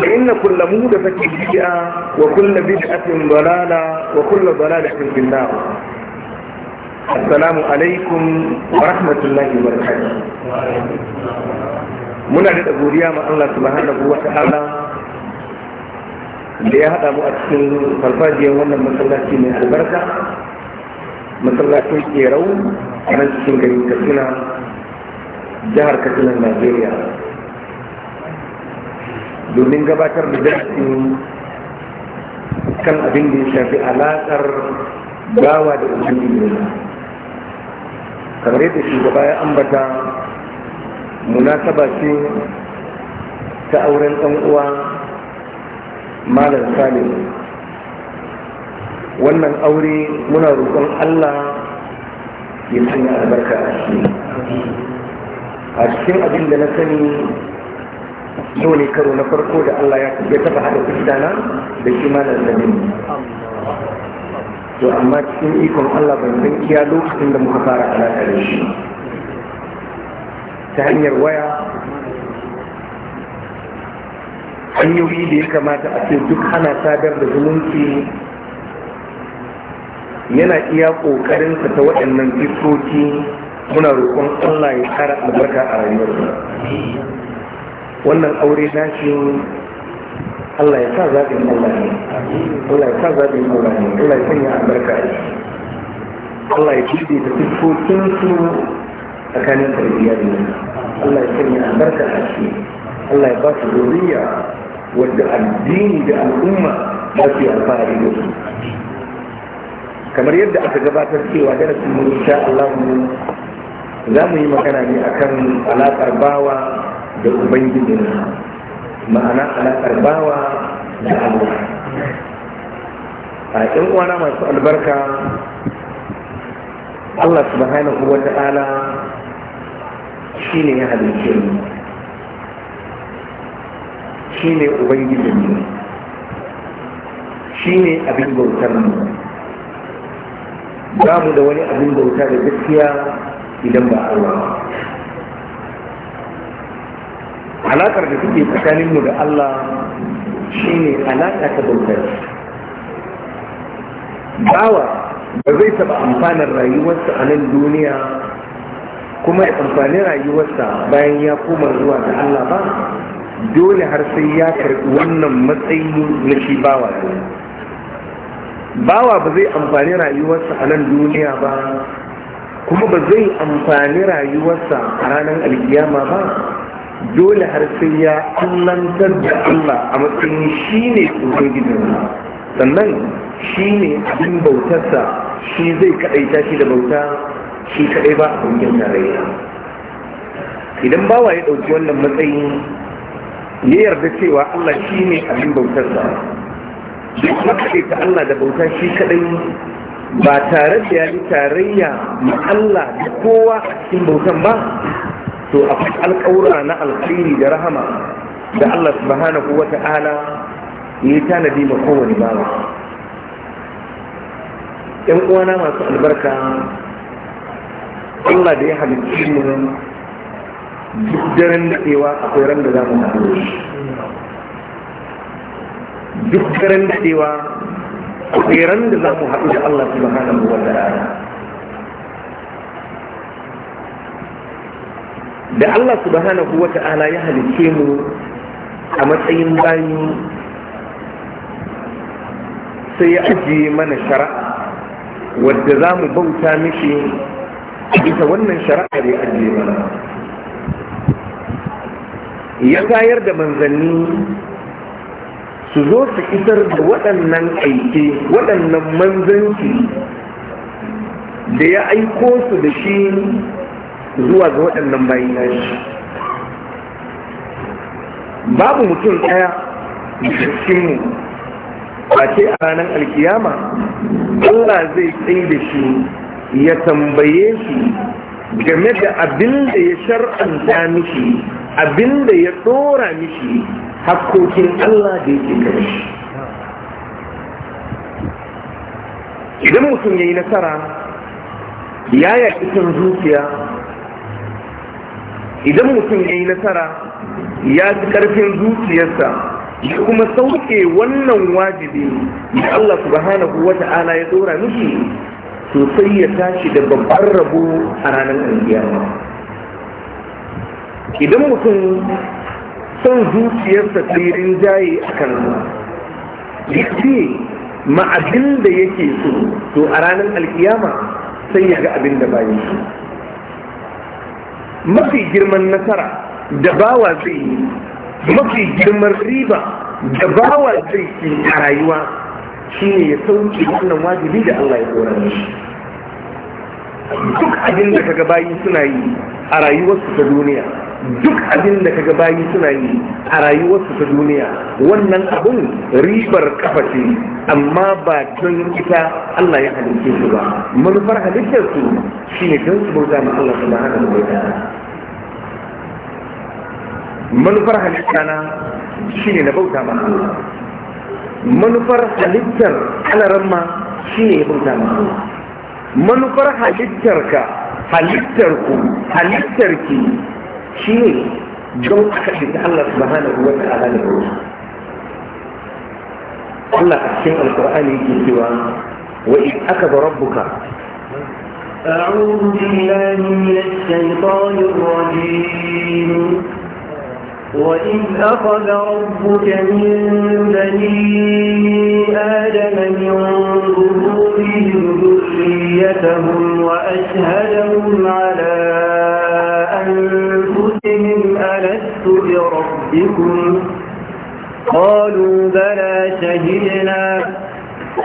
فإن كل مودفة بدعة وكل بدعة ضلالة وكل ضلالة في النار السلام عليكم ورحمة الله وبركاته muna da godiya ma Allah subhanahu wa da ya haɗa mu a cikin farfajiyar wannan masallaci mai a nan jihar najeriya domin gabatar da jirgin kan abin da ya shafi alaƙar gawa da ubangiji ne kamar yadda shugaba ya ambata munasaba ce ta auren ɗan uwa malam salim wannan aure muna roƙon allah ya sanya albarka a cikin abin da na sani yau ne karo na farko da Allah ya taba haɗa kristana da kimanin malam to amma cikin ikon Allah ban san iya lokacin da muka fara alaƙa da shi ta hanyar waya hanyoyi da ya kamata a ce duk ana sadar da zumunci yana iya ƙoƙarinsa ta waɗannan fiskoki muna roƙon Allah ya ƙara albarka a rayuwarsa wannan aure shi Allah ya sa zaɓin Allah ne Allah ya sa zaɓin Allah ne Allah ya sanya albarka ne Allah ya jide da fuskokin su tsakanin tarbiyya da Allah ya sanya albarka a shi Allah ya ba su zuriya wadda addini da al'umma za su yi alfahari da su kamar yadda aka gabatar cewa darasin mu insha Allah za mu yi magana ne akan alaƙar bawa da ubangijin ma'ana alaƙar bawa da Allah a ƴan uwana masu albarka Allah subhanahu wa ta'ala shi ne ya halice mu shi ne ubangijin mu shi ne abin bautar mu ba mu da wani abin bauta da gaskiya idan ba Allah ba alaƙar da suke tsakaninmu da Allah shi ne alaƙa ta bautar bawa ba zai taɓa amfanar rayuwarsa a nan duniya kuma ya amfani rayuwarsa bayan ya koma zuwa da Allah ba dole har sai ya karɓi wannan matsayi na shi bawa ne bawa ba zai amfani rayuwarsa a nan duniya ba kuma ba zai amfani rayuwarsa a ranar alkiyama ba dole har sai ya kullantar da Allah a matsayin shi ne ubangijin sannan shi ne abin bautarsa shi zai kaɗaita shi da bauta shi kaɗai ba a kungiyar tarayya idan bawa ya ɗauki wannan matsayin ya yarda cewa Allah shi ne abin bautarsa duk makaɗaita Allah da bauta shi kaɗai ba tare da ya yi tarayya ma Allah da kowa a cikin bautan ba to akwai alƙawura na alkhairi da rahama da Allah subhanahu wa ta'ala ya yi tanadi ma kowane bawa yan uwana masu albarka Allah da ya halitta mu duk daren daɗewa akwai ran da za mu haɗu duk daren daɗewa akwai ran da za mu haɗu da Allah subhanahu wa ta'ala da Allah subhanahu wa ta'ala ya halicce mu a matsayin bayi sai ya ajiye mana shara'a wadda za mu bauta mishi ita wannan shari'ar ya ajiye mana ya tayar da manzanni su zo su isar da waɗannan aike waɗannan manzanci da ya aiko su da shi zuwa ga waɗannan bayan nashi babu mutum ɗaya cikinmu a ce a ranar alkiyama Allah zai tsaye da shi ya tambaye shi game da abin da ya shar'anta mishi abin da ya tsora mishi hakkokin Allah da yake gaba shi idan mutum ya yi nasara ya yaƙi son zuciya idan mutum ya yi nasara ya fi ƙarfin zuciyarsa ya kuma sauke wannan wajibi da Allah subhanahu wa ta'ala ya tsora miki to sai ya tashi da babban rabo a ranar alkiyama idan mutum son zuciyarsa tsirin jaye a kan ya ce abin da yake so to a ranar alkiyama sai ya ga abin da bayan shi mafi girman nasara da bawa zai yi mafi girman riba da bawa zai yi a rayuwa ne ya sauke wannan wajibi da Allah ya kora shi duk abin da kaga bayi suna yi a rayuwarsu ta duniya duk abin da kaga bayi suna yi a rayuwarsu ta duniya wannan abun ribar kafa ce amma ba don ita Allah ya halitta su ba manufar halittar su shine don su bauta ma Allah subhanahu wa ta'ala manufar halitta na shine na bauta ma Allah manufar halittar alaramma shine ya bauta ma Allah manufar halittarka halittarku halittarki shi ne don aka shi Allah subhanahu wa ta'ala ne Allah a cikin alkur'ani yake cewa wa in aka da rabbuka أعوذ بالله من الشيطان الرجيم وإذ أخذ ربك من بني آدم من ظهورهم ذريتهم وأشهدهم على أنفسهم ألست بربكم قالوا بلى شهدنا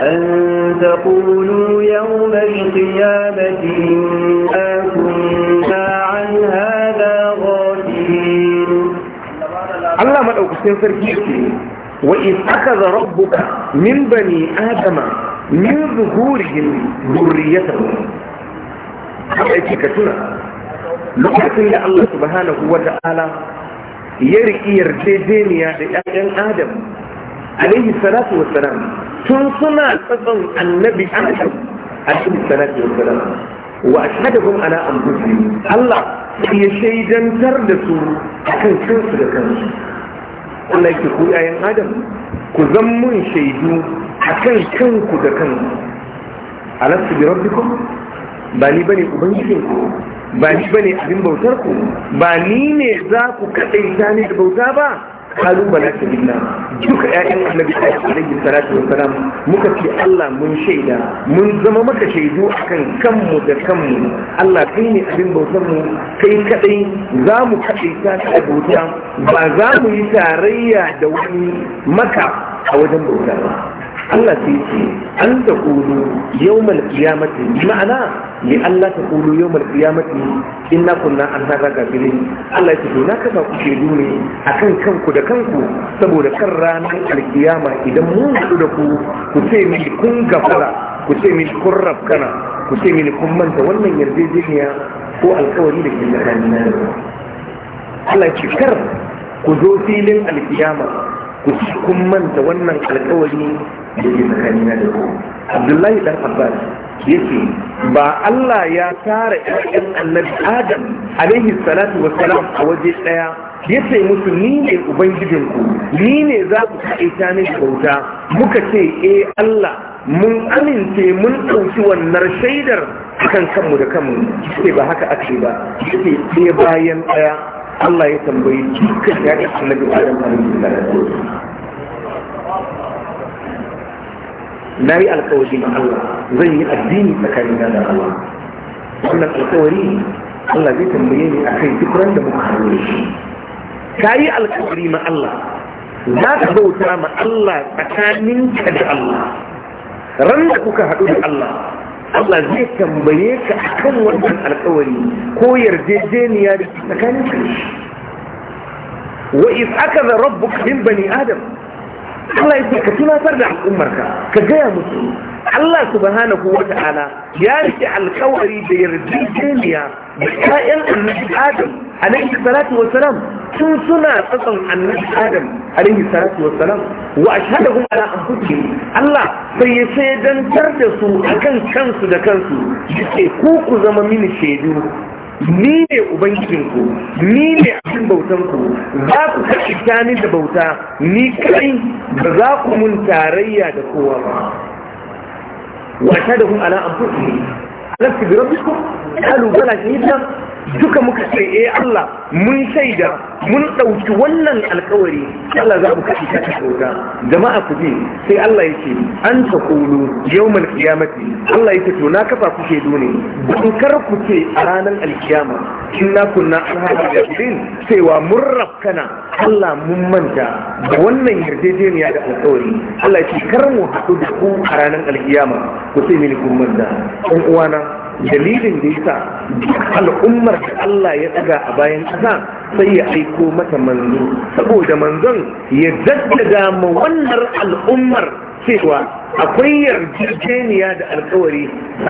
أن تقولوا يوم القيامة إنا كنا Allah maɗaukacin sarki ce wa in aka za rabbuka min bani adama min zuhurihim zurriyatahu haka yake ka tuna lokacin da Allah subhanahu wa ta'ala ya riƙi yarjejeniya da ƴaƴan adam alaihi salatu wa salam tun suna tsatson annabi adam alaihi salatu wa salam wa ashhadahum ala anfusihim Allah sai ya shaidantar da su a kan kansu da kansu Allah ke ku yayin adam ku zan mun shaidu a kan kanku da kanku alastu bi rabbikum ba ni bane ubangijinku ba ni bane abin bautarku, ba ni ne za ku kaɗaita ne da bauta ba kalubala ta gina duka ƴaƴan annabi alaihi salatu wa salam muka ce Allah mun shaida mun zama maka shaidu kan kanmu da kanmu Allah kai ne abin bautar mu kai kadai za mu kaɗai ta da bauta ba za mu yi tarayya da wani maka a wajen bauta ba Allah sai ce an da kulu mal kiyamati ma'ana li Allah ta kulu yawmal in inna kunna an hada gafirin Allah ya ce na kasa ku ke dune kan kanku da kanku saboda kan ranar alkiyama idan mun haɗu da ku ku ce mini kun gafara ku ce kun rafkana ku ce kun manta wannan yarjejeniya ko alkawari da ke tsakanin Allah ya ce kar ku zo filin alkiyama kun manta wannan alkawari da ke na da abdullahi dan abbas yake ba Allah ya tara ƴaƴan annabi adam alaihi salatu wa salam a waje ɗaya ya ce musu ni ne ubangijinku ni ne za ku kaita ni bauta muka ce eh Allah mun amince mun ɗauki wannan shaidar kan kanmu da kanmu ce ba haka ake ba ce bayan ɗaya Allah ya tambayi cikin ya ga annabi Adam da salam na yi alkawari na Allah zan yi addini tsakanin da Allah wannan alkawari Allah zai tambaye ni a kai duk ran da muka hawo shi ka yi alkawari ma Allah za ka bauta ma Allah tsakaninka da Allah ran da kuka haɗu da Allah Allah zai tambaye ka akan wannan alkawari ko yarjejeniya da tsakanin ka wa iz akaza rabbuka min bani adam Allah yake ka tunatar da al'ummarka ka gaya musu Allah subhanahu wa ta'ala ya rike alƙawari da yarjejeniya da ƴaƴan annabi Adam alaihi salatu wa salam sun suna tsatson annabi Adam alaihi salatu wa salam wa ashhadahum ala anfusihim Allah sai ya shaidantar da su akan kansu da kansu yake ku ku zama mini shaidu ni ne ubangijinku ni ne abin bautanku za ku kaɗa ni da bauta ni kai ba za ku mun tarayya da kowa ba wata da hun ala amfusu ne alaskar da rabbi duka muka ce eh Allah mun shaida mun ɗauki wannan alkawari Allah za mu kashi ta kyauta jama'a ku bi sai Allah yake an ta kulu yawmal qiyamati Allah yake to na kafa ku shaidu ne kar ku ce a ranar alkiyama inna na kunna an haɗa da kudin cewa mun Allah mun manta da wannan yarjejeniya da alkawari Allah yake kar mu haɗu da ku a ranar alkiyama ku sai milikun manta ɗan uwana dalilin da yasa al'ummar da Allah ya tsaga a bayan ƙasa sai ya aiko mata manzo saboda manzon ya daddada ma wannan al'ummar cewa akwai yarjejeniya da alkawari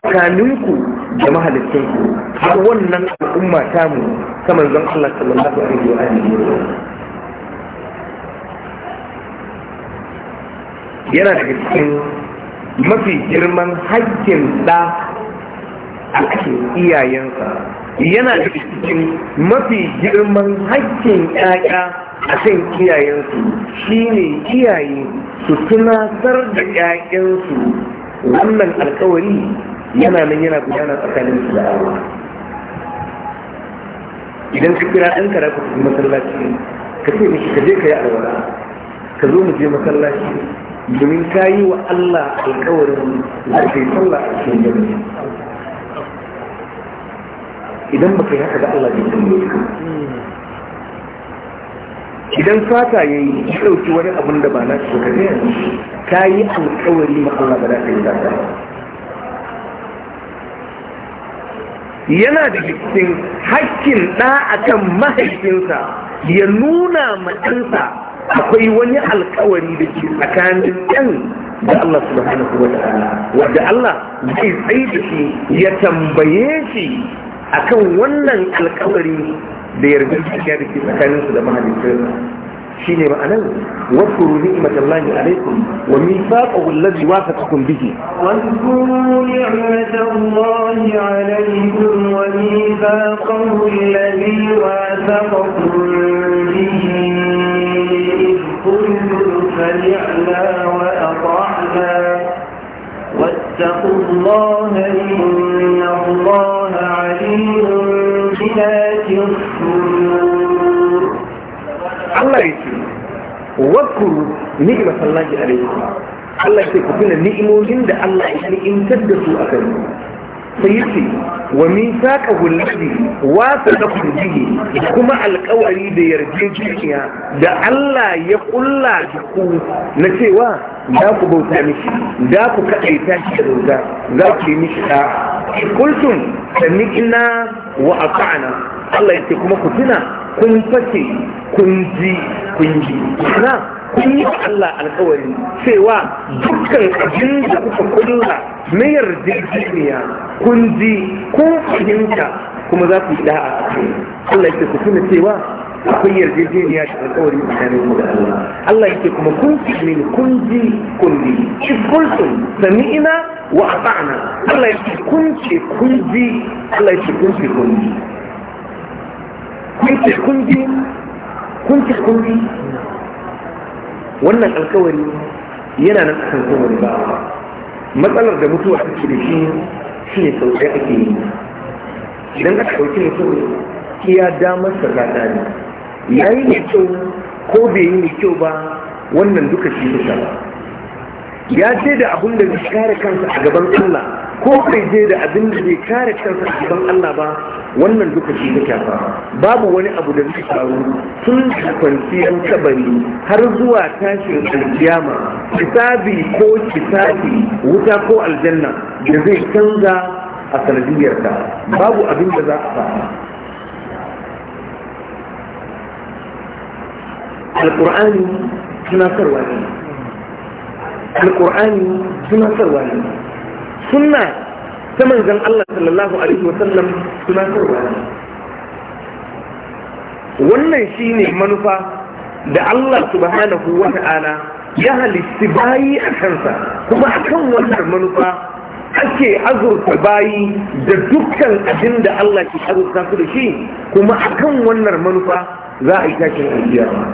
tsakaninku da mahalicinku a wannan al'umma mu ta manzon Allah sallallahu alaihi wa yana da cikin mafi girman haƙƙin ɗa iyayensa yana da cikin mafi girman hakkin ƴaƴa a kan iyayensu shine iyaye su tunatar da ƴaƴansu wannan alkawari yana nan yana gudana tsakanin su da awa idan ka kira ɗan ka ku tafi masallaci ka ce mishi ka je ka yi alwala ka zo mu je masallaci domin ka yi wa Allah alkawarin da kai sallah a cikin jami'a idan baka yi haka ga Allah bai sani idan fata ya yi ɗauki wani abun da ba na shi ka gaya ta yi alkawari ma Allah ba za ka yi zaka yana da cikin hakkin ɗa akan mahaifinsa ya nuna ma ɗansa akwai wani alkawari da ke tsakanin ɗan da Allah subhanahu wa ta'ala wanda Allah zai tsaye da shi ya tambaye shi a kan wannan alkawari da yarda cikin da ke tsakaninsu da mahalicinsa shi ne ma'anar wadkuru ni'matallahi alaikum wa mithaqahu alladhi alaikum wa mithaqahu alladhi wathaqakum bihi سمعنا وأطعنا واتقوا الله إن عليم بذات الصدور الله يسير واذكروا نعمة الله عليكم Allah ke ku tuna ni'imomin da Allah ya ni'imtar da su a kan sai yace wa mithaqahu alladhi wasaqakum bihi kuma alƙawari da yarjejeniya da Allah ya kulla da ku na cewa za ku bauta miki? Da ku kaɗaita shi da bauta za ku yi miki da kultum sami'na wa ata'na Allah ce kuma ku tuna kun fashe kun ji kun ji na kun yi Allah alkawari cewa dukkan abin da kuka kulla na yarjejeniya kun ji kun fahimta kuma za ku yi da'a a kai Allah yake ku tuna cewa akwai yarjejeniya da alkawari tsakanin ku da Allah Allah yake kuma kun fi ne kun ji kun ji iskultum sami'ina wa a ata'na Allah yake kun ce kun ji Allah yake kun ce kun ji sai kun ji kun ci kun wannan alkawari yana nan cikin kowar ba matsalar da mutuwa take da shi shi ne sau ɗaya ake yi idan aka ɗauki mutum ya damar sa gada ne ya yi mai kyau ko bai yi mai kyau ba wannan duka shi ne ba ya ce da abin da zai kare kansa a gaban Allah ko kai je da abin da bai kare kansa a gaban Allah ba wannan duka shi ta kyafa babu wani abu da zai faru tun da kwanciyar kabari har zuwa tashin alkiyama kitabi ko kitabi wuta ko aljanna da zai canza a sanadiyarta babu abin da za a faru alƙur'ani tunatarwa ne alƙur'ani tunatarwa ne sunna ta manzan Allah sallallahu alaihi wasallam tunatarwa wannan shine manufa da Allah subhanahu wa ta'ala ya halitti bayi a kansa kuma kan wannan manufa ake azurta bayi da dukkan abin da Allah ke azurta su da shi kuma akan wannan manufa za a yi tashin alkiyama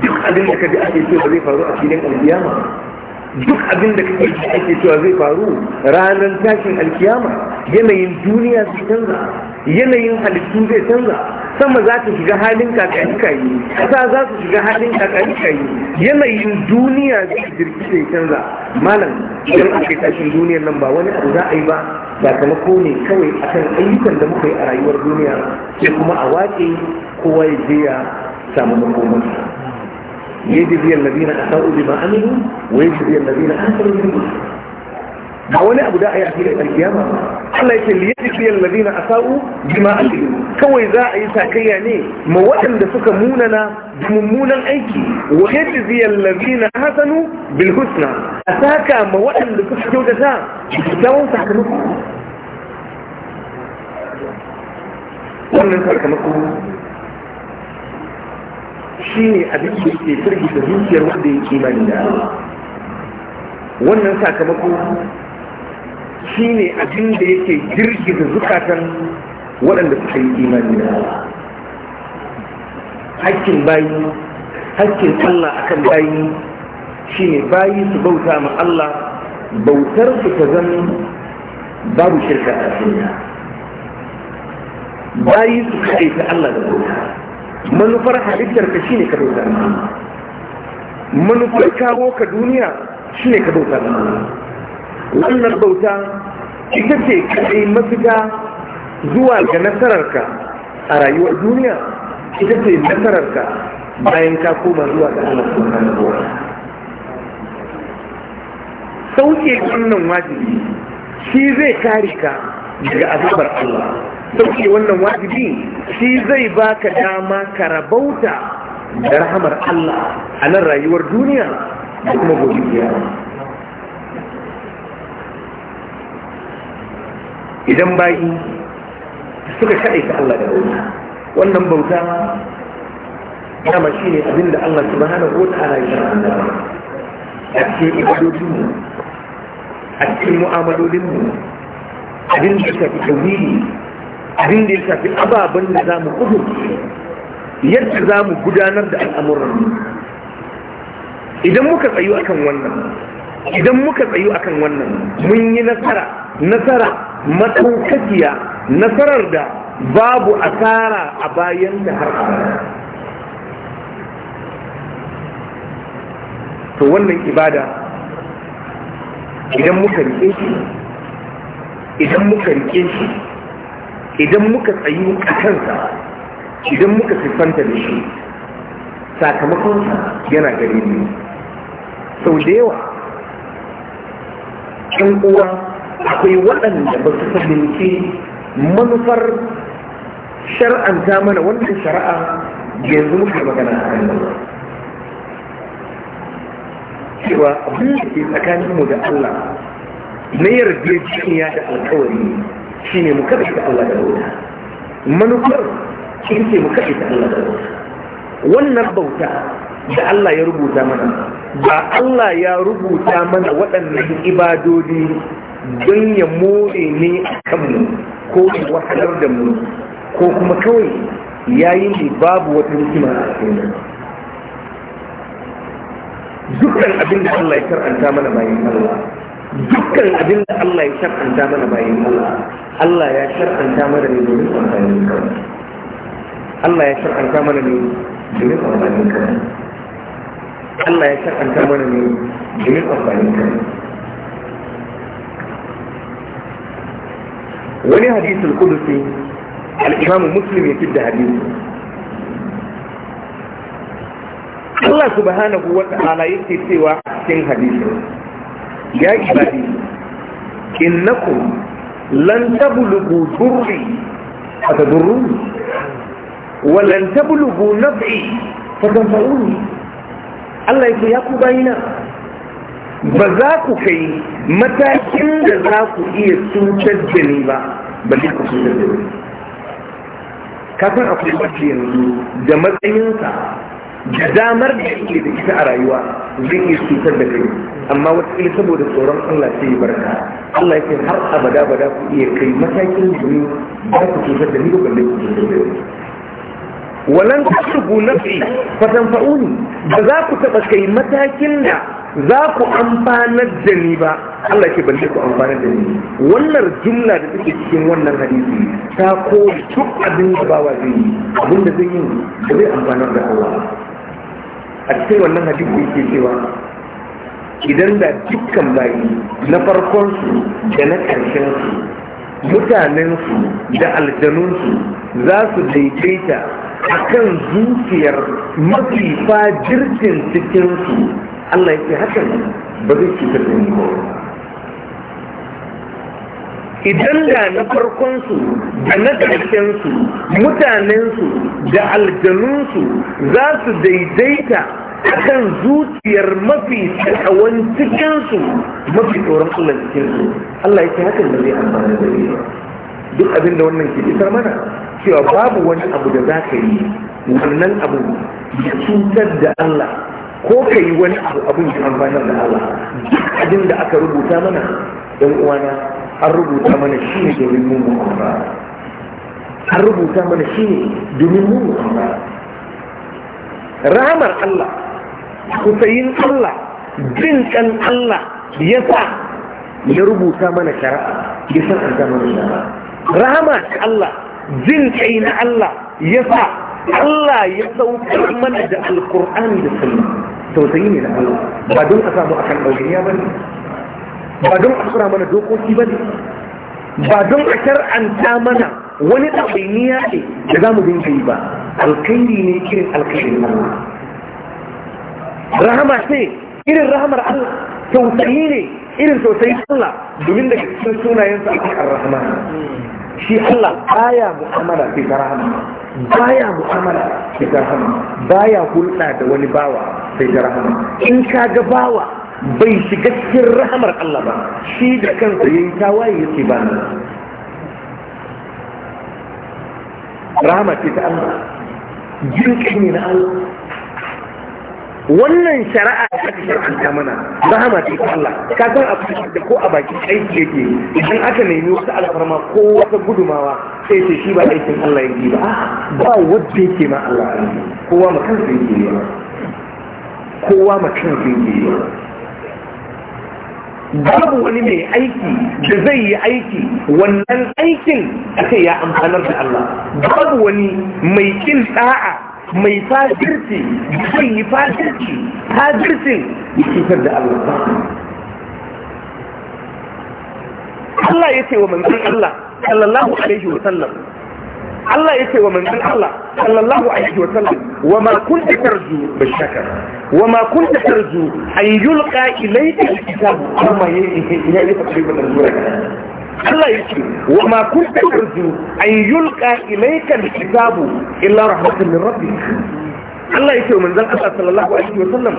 duk abin da ka ji ake ce ba zai faru a filin alkiyama duk abin da kake ji ake cewa zai faru ranar tashin alkiyama yanayin duniya zai canza yanayin halittu zai canza sama za ta shiga halin kayi ƙasa za su shiga halin kayi yanayin duniya zai jirgi zai canza malam idan aka yi tashin duniyar nan ba wani abu za a yi ba sakamako ne kawai akan ayyukan da muka yi a rayuwar duniya sai kuma a wace kowa ya je ya samu makomansa yajzi alladhina asau bima amilu wa yajzi alladhina ahsanu bil husna ba wani abu da a yi a filin alkiyama Allah yake liye tafiyar ladina a sa'u bima kawai za a yi takayya ne ma waɗanda suka munana da aiki wa yadda ziyar ladina saka ma waɗanda suka kyautata kyawun wannan shi ne abin da ke da zuciyar wanda ya imani da wannan sakamako shi ne abin da yake da zukatan waɗanda suka yi imani da hakkin bayi hakkin Allah akan bayi shi ne bayi su bauta ma Allah bautar su ta zama babu shirka a duniya bayi su kaɗaita Allah da bauta manufar halittar ka shine ka bauta manufar kawo ka duniya shine ka bauta wannan bauta ita ce kadai mafita zuwa ga nasararka a rayuwar duniya ita ce nasararka bayan ka koma zuwa ga Allah subhanahu wa sauke wannan wajibi shi zai kare ka daga azabar Allah sauke wannan wajibi shi zai baka dama ka rabauta da rahamar Allah a nan rayuwar duniya da kuma gobe idan bayi suka kaɗaita Allah da bauta wannan bauta dama shi ne abinda Allah subhanahu wa ta'ala ya shara a cikin ibadodinmu a cikin mu'amalolinmu abin da shafi abin da ya shafi ababen da za mu kudu yadda za mu gudanar da al'amuran idan muka tsayu akan wannan idan muka tsayu akan wannan mun yi nasara nasara matsaukakiya nasarar da babu asara a bayan da har to wannan ibada idan muka rike shi idan muka rike shi idan muka tsayi a kansa idan muka siffanta da shi sakamakon yana gare ne sau da yawa ɗan uwa akwai waɗanda ba su fahimci manufar shar'anta mana wannan shari'a yanzu muka magana a kan cewa abin da ke tsakaninmu da Allah na yarda ya da alkawari shi ne mu kaɗaita Allah da bauta manufar shi ne mu kaɗaita Allah da bauta wannan bauta da Allah ya rubuta mana ba Allah ya rubuta mana waɗannan ibadodi don ya more ne a kanmu ko ya wahalar da mu ko kuma kawai yayin da babu wata hikima a cikin dukkan abin da Allah ya karanta mana bayan Allah dukkan abin da Allah ya shar'anta mana bayan Allah Allah ya shar'anta mana ne domin amfanin Allah ya shar'anta mana ne domin amfanin kawai Allah ya shar'anta mana ne domin amfanin kawai wani al kudusi al-imamu muslim ya fidda hadisi Allah subhanahu wa ta'ala yake cewa cikin hadisi ya ibadi innakum lan tablughu durri fatadurruni wa lan tablughu naf'i fatanfa'uni Allah yake ya ku bayina ba za ku kai matakin da za ku iya cutar da ni ba ba ne ku cutar da ni kafin akwai wacce da matsayinsa da damar da yake da ita a rayuwa zai iya cutar da kai amma wataƙila saboda tsoron Allah sai ya barka Allah ya ce har abada bada ku iya kai matakin jini ba ku cutar da ni ba balle ku cutar da ni walan tasbu nafsi fatanfa'uni ba za ku taɓa kai matakin da za ku amfanar da ni ba Allah ke da ku amfanar da ni wannan jumla da take cikin wannan hadisi ta ko duk abin da wa zai yi abin da zai yi ba zai amfanar da Allah a cikin wannan hadisi yake cewa idan da dukkan bayi na farkon su da na su mutanen su da aljanun su za su daidaita a kan zuciyar mafi cikin su Allah ya ce hakan ba zai cutar da ni ba idan da na farkonsu da na ƙarshensu mutanensu da aljanunsu za su daidaita akan zuciyar mafi tsawon cikinsu mafi tsoron Allah cikinsu Allah ya ce hakan da zai amfani da ni duk abin da wannan ke isar mana cewa babu wani abu da za ka yi wannan abu ya cutar da Allah ko ka yi wani abu abin da amfani da Allah duk abin da aka rubuta mana ɗan uwana an rubuta mana shi ne domin mu mu'amara an rubuta mana shi ne domin mu mu'amara ramar Allah kusayin Allah jin kan Allah ya sa ya rubuta mana shari'a ya san an mana shari'a rahamar ta Allah jin kai na Allah ya sa Allah ya saukar mana da alkur'ani da sunna tausayi ne na Allah ba don a samu akan ɗauriya ba ba don a tsura mana dokoki ba ne ba don a shar'anta mana wani ya ce da za mu dinka yi ba alkairi ne irin alkairin Allah rahama ce irin rahamar Allah tausayi ne irin tausayi Allah domin daga cikin sunayensa akwai a rahama shi Allah baya mu'amala sai ta rahama baya mu'amala sai ta rahama baya hulɗa da wani bawa sai ta rahama in ka ga bawa bai shiga cikin rahamar Allah ba shi da kansa yayi waye yake ba ni rahama ce ta Allah jinƙi ne na Allah wannan shari'a da shari'an ta mana rahama ce ta Allah ka san a abu da ko a baki aiki yake idan aka nemi wata alfarma ko wata gudumawa sai ce shi ba aikin Allah yake ba ba wanda yake ma Allah kowa ma kansa yake kowa ma kansa yake babu wani mai aiki da zai yi aiki wannan aikin aka ya amfanar da Allah babu wani mai kin da'a mai fajirci zai yi fajirci fajircin ya cutar da Allah Allah ya ce wa manzon Allah sallallahu alaihi wa sallam Allah ya yake wa manzon Allah sallallahu alaihi wa sallam wa ma kunta tarju bashaka wa ma kunta tarju an yulqa ilayka alkitab amma yake ya yi tafsirin da sura Allah ya yake wa ma kunta tarju an yulqa ilayka alkitab illa rahmatan min rabbik Allah yake wa manzon Allah sallallahu alaihi wa sallam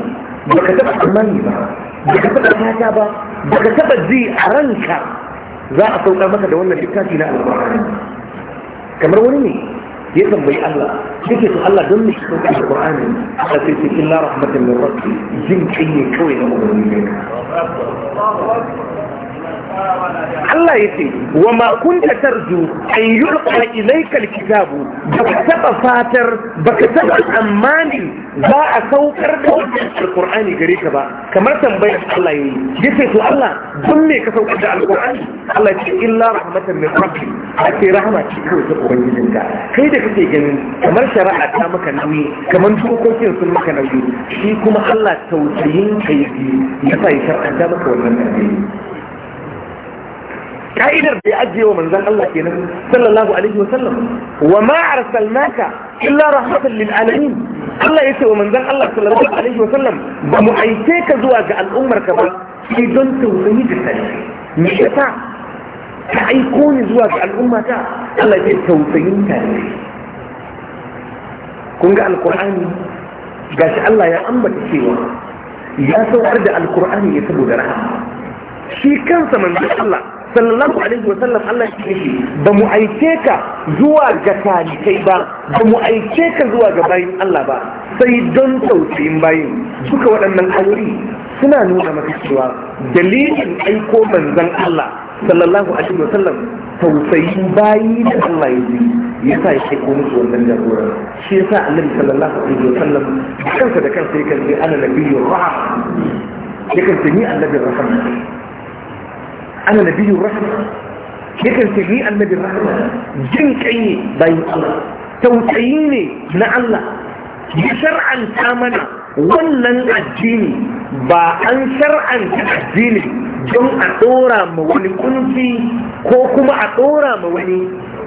baka taba tsammani ba baka taba fata ba baka taba ji a ranka za a saukar maka da wannan littafi na alƙur'ani kamar wani ne ya tambayi Allah yake to Allah don miki sauka da Qur'ani Allah sai ce illa rahmatan min rabbi jin kai ne kawai na ubangiji Allah ya ce wa ma kunta tarju an yulqa ilayka alkitabu baka taba fatar baka taba tsammani za a saukar da alqur'ani gare ka ba kamar tambayar Allah yayi yace to Allah dun me ka saukar da alqur'ani Allah ya ce illa rahmatan min rabbi ake rahama ce kawai ta ka. kai da kake ganin kamar shari'a ta maka nauyi kamar dokokin sun maka nauyi shi kuma Allah tausayin kai ya sa ya shar'anta maka wannan nauyi ka'idar da ya ajiye wa manzan Allah kenan sallallahu alaihi wa sallam wa ma arsalnaka illa rahmatan lil alamin Allah yace wa manzan Allah sallallahu alaihi wa sallam ba mu aike ka zuwa ga al'ummar ka ba sai don tausayi da sani me yasa ka aiko ni zuwa ga al'umma ta Allah ya tausayin ta ne kun ga alqur'ani gashi Allah ya ambata cewa ya saukar da alqur'ani ya saboda rahama shi kansa manzan Allah sallallahu alaihi wa sallam Allah ya ce ba mu aike ka zuwa ga talikai ba ba mu aike ka zuwa ga bayin Allah ba sai don tausayin bayin duka waɗannan aure suna nuna maka cewa dalilin aiko manzon Allah sallallahu alaihi wa sallam tausayin bayi da Allah ya ji ya sa ya kai ko musu wannan jagora shi yasa Annabi sallallahu alaihi wa sallam kansa da kansa yakan ce ana nabiyyu rahma yakan ce ni annabi rahma ana nabiyun rahama yakan ce ni annabin rahama jin kai ne bayan Allah tausayi ne na Allah ya shar'anta mana wannan addini ba an shar'anta addini don a ɗora ma wani kunci ko kuma a ɗora ma wani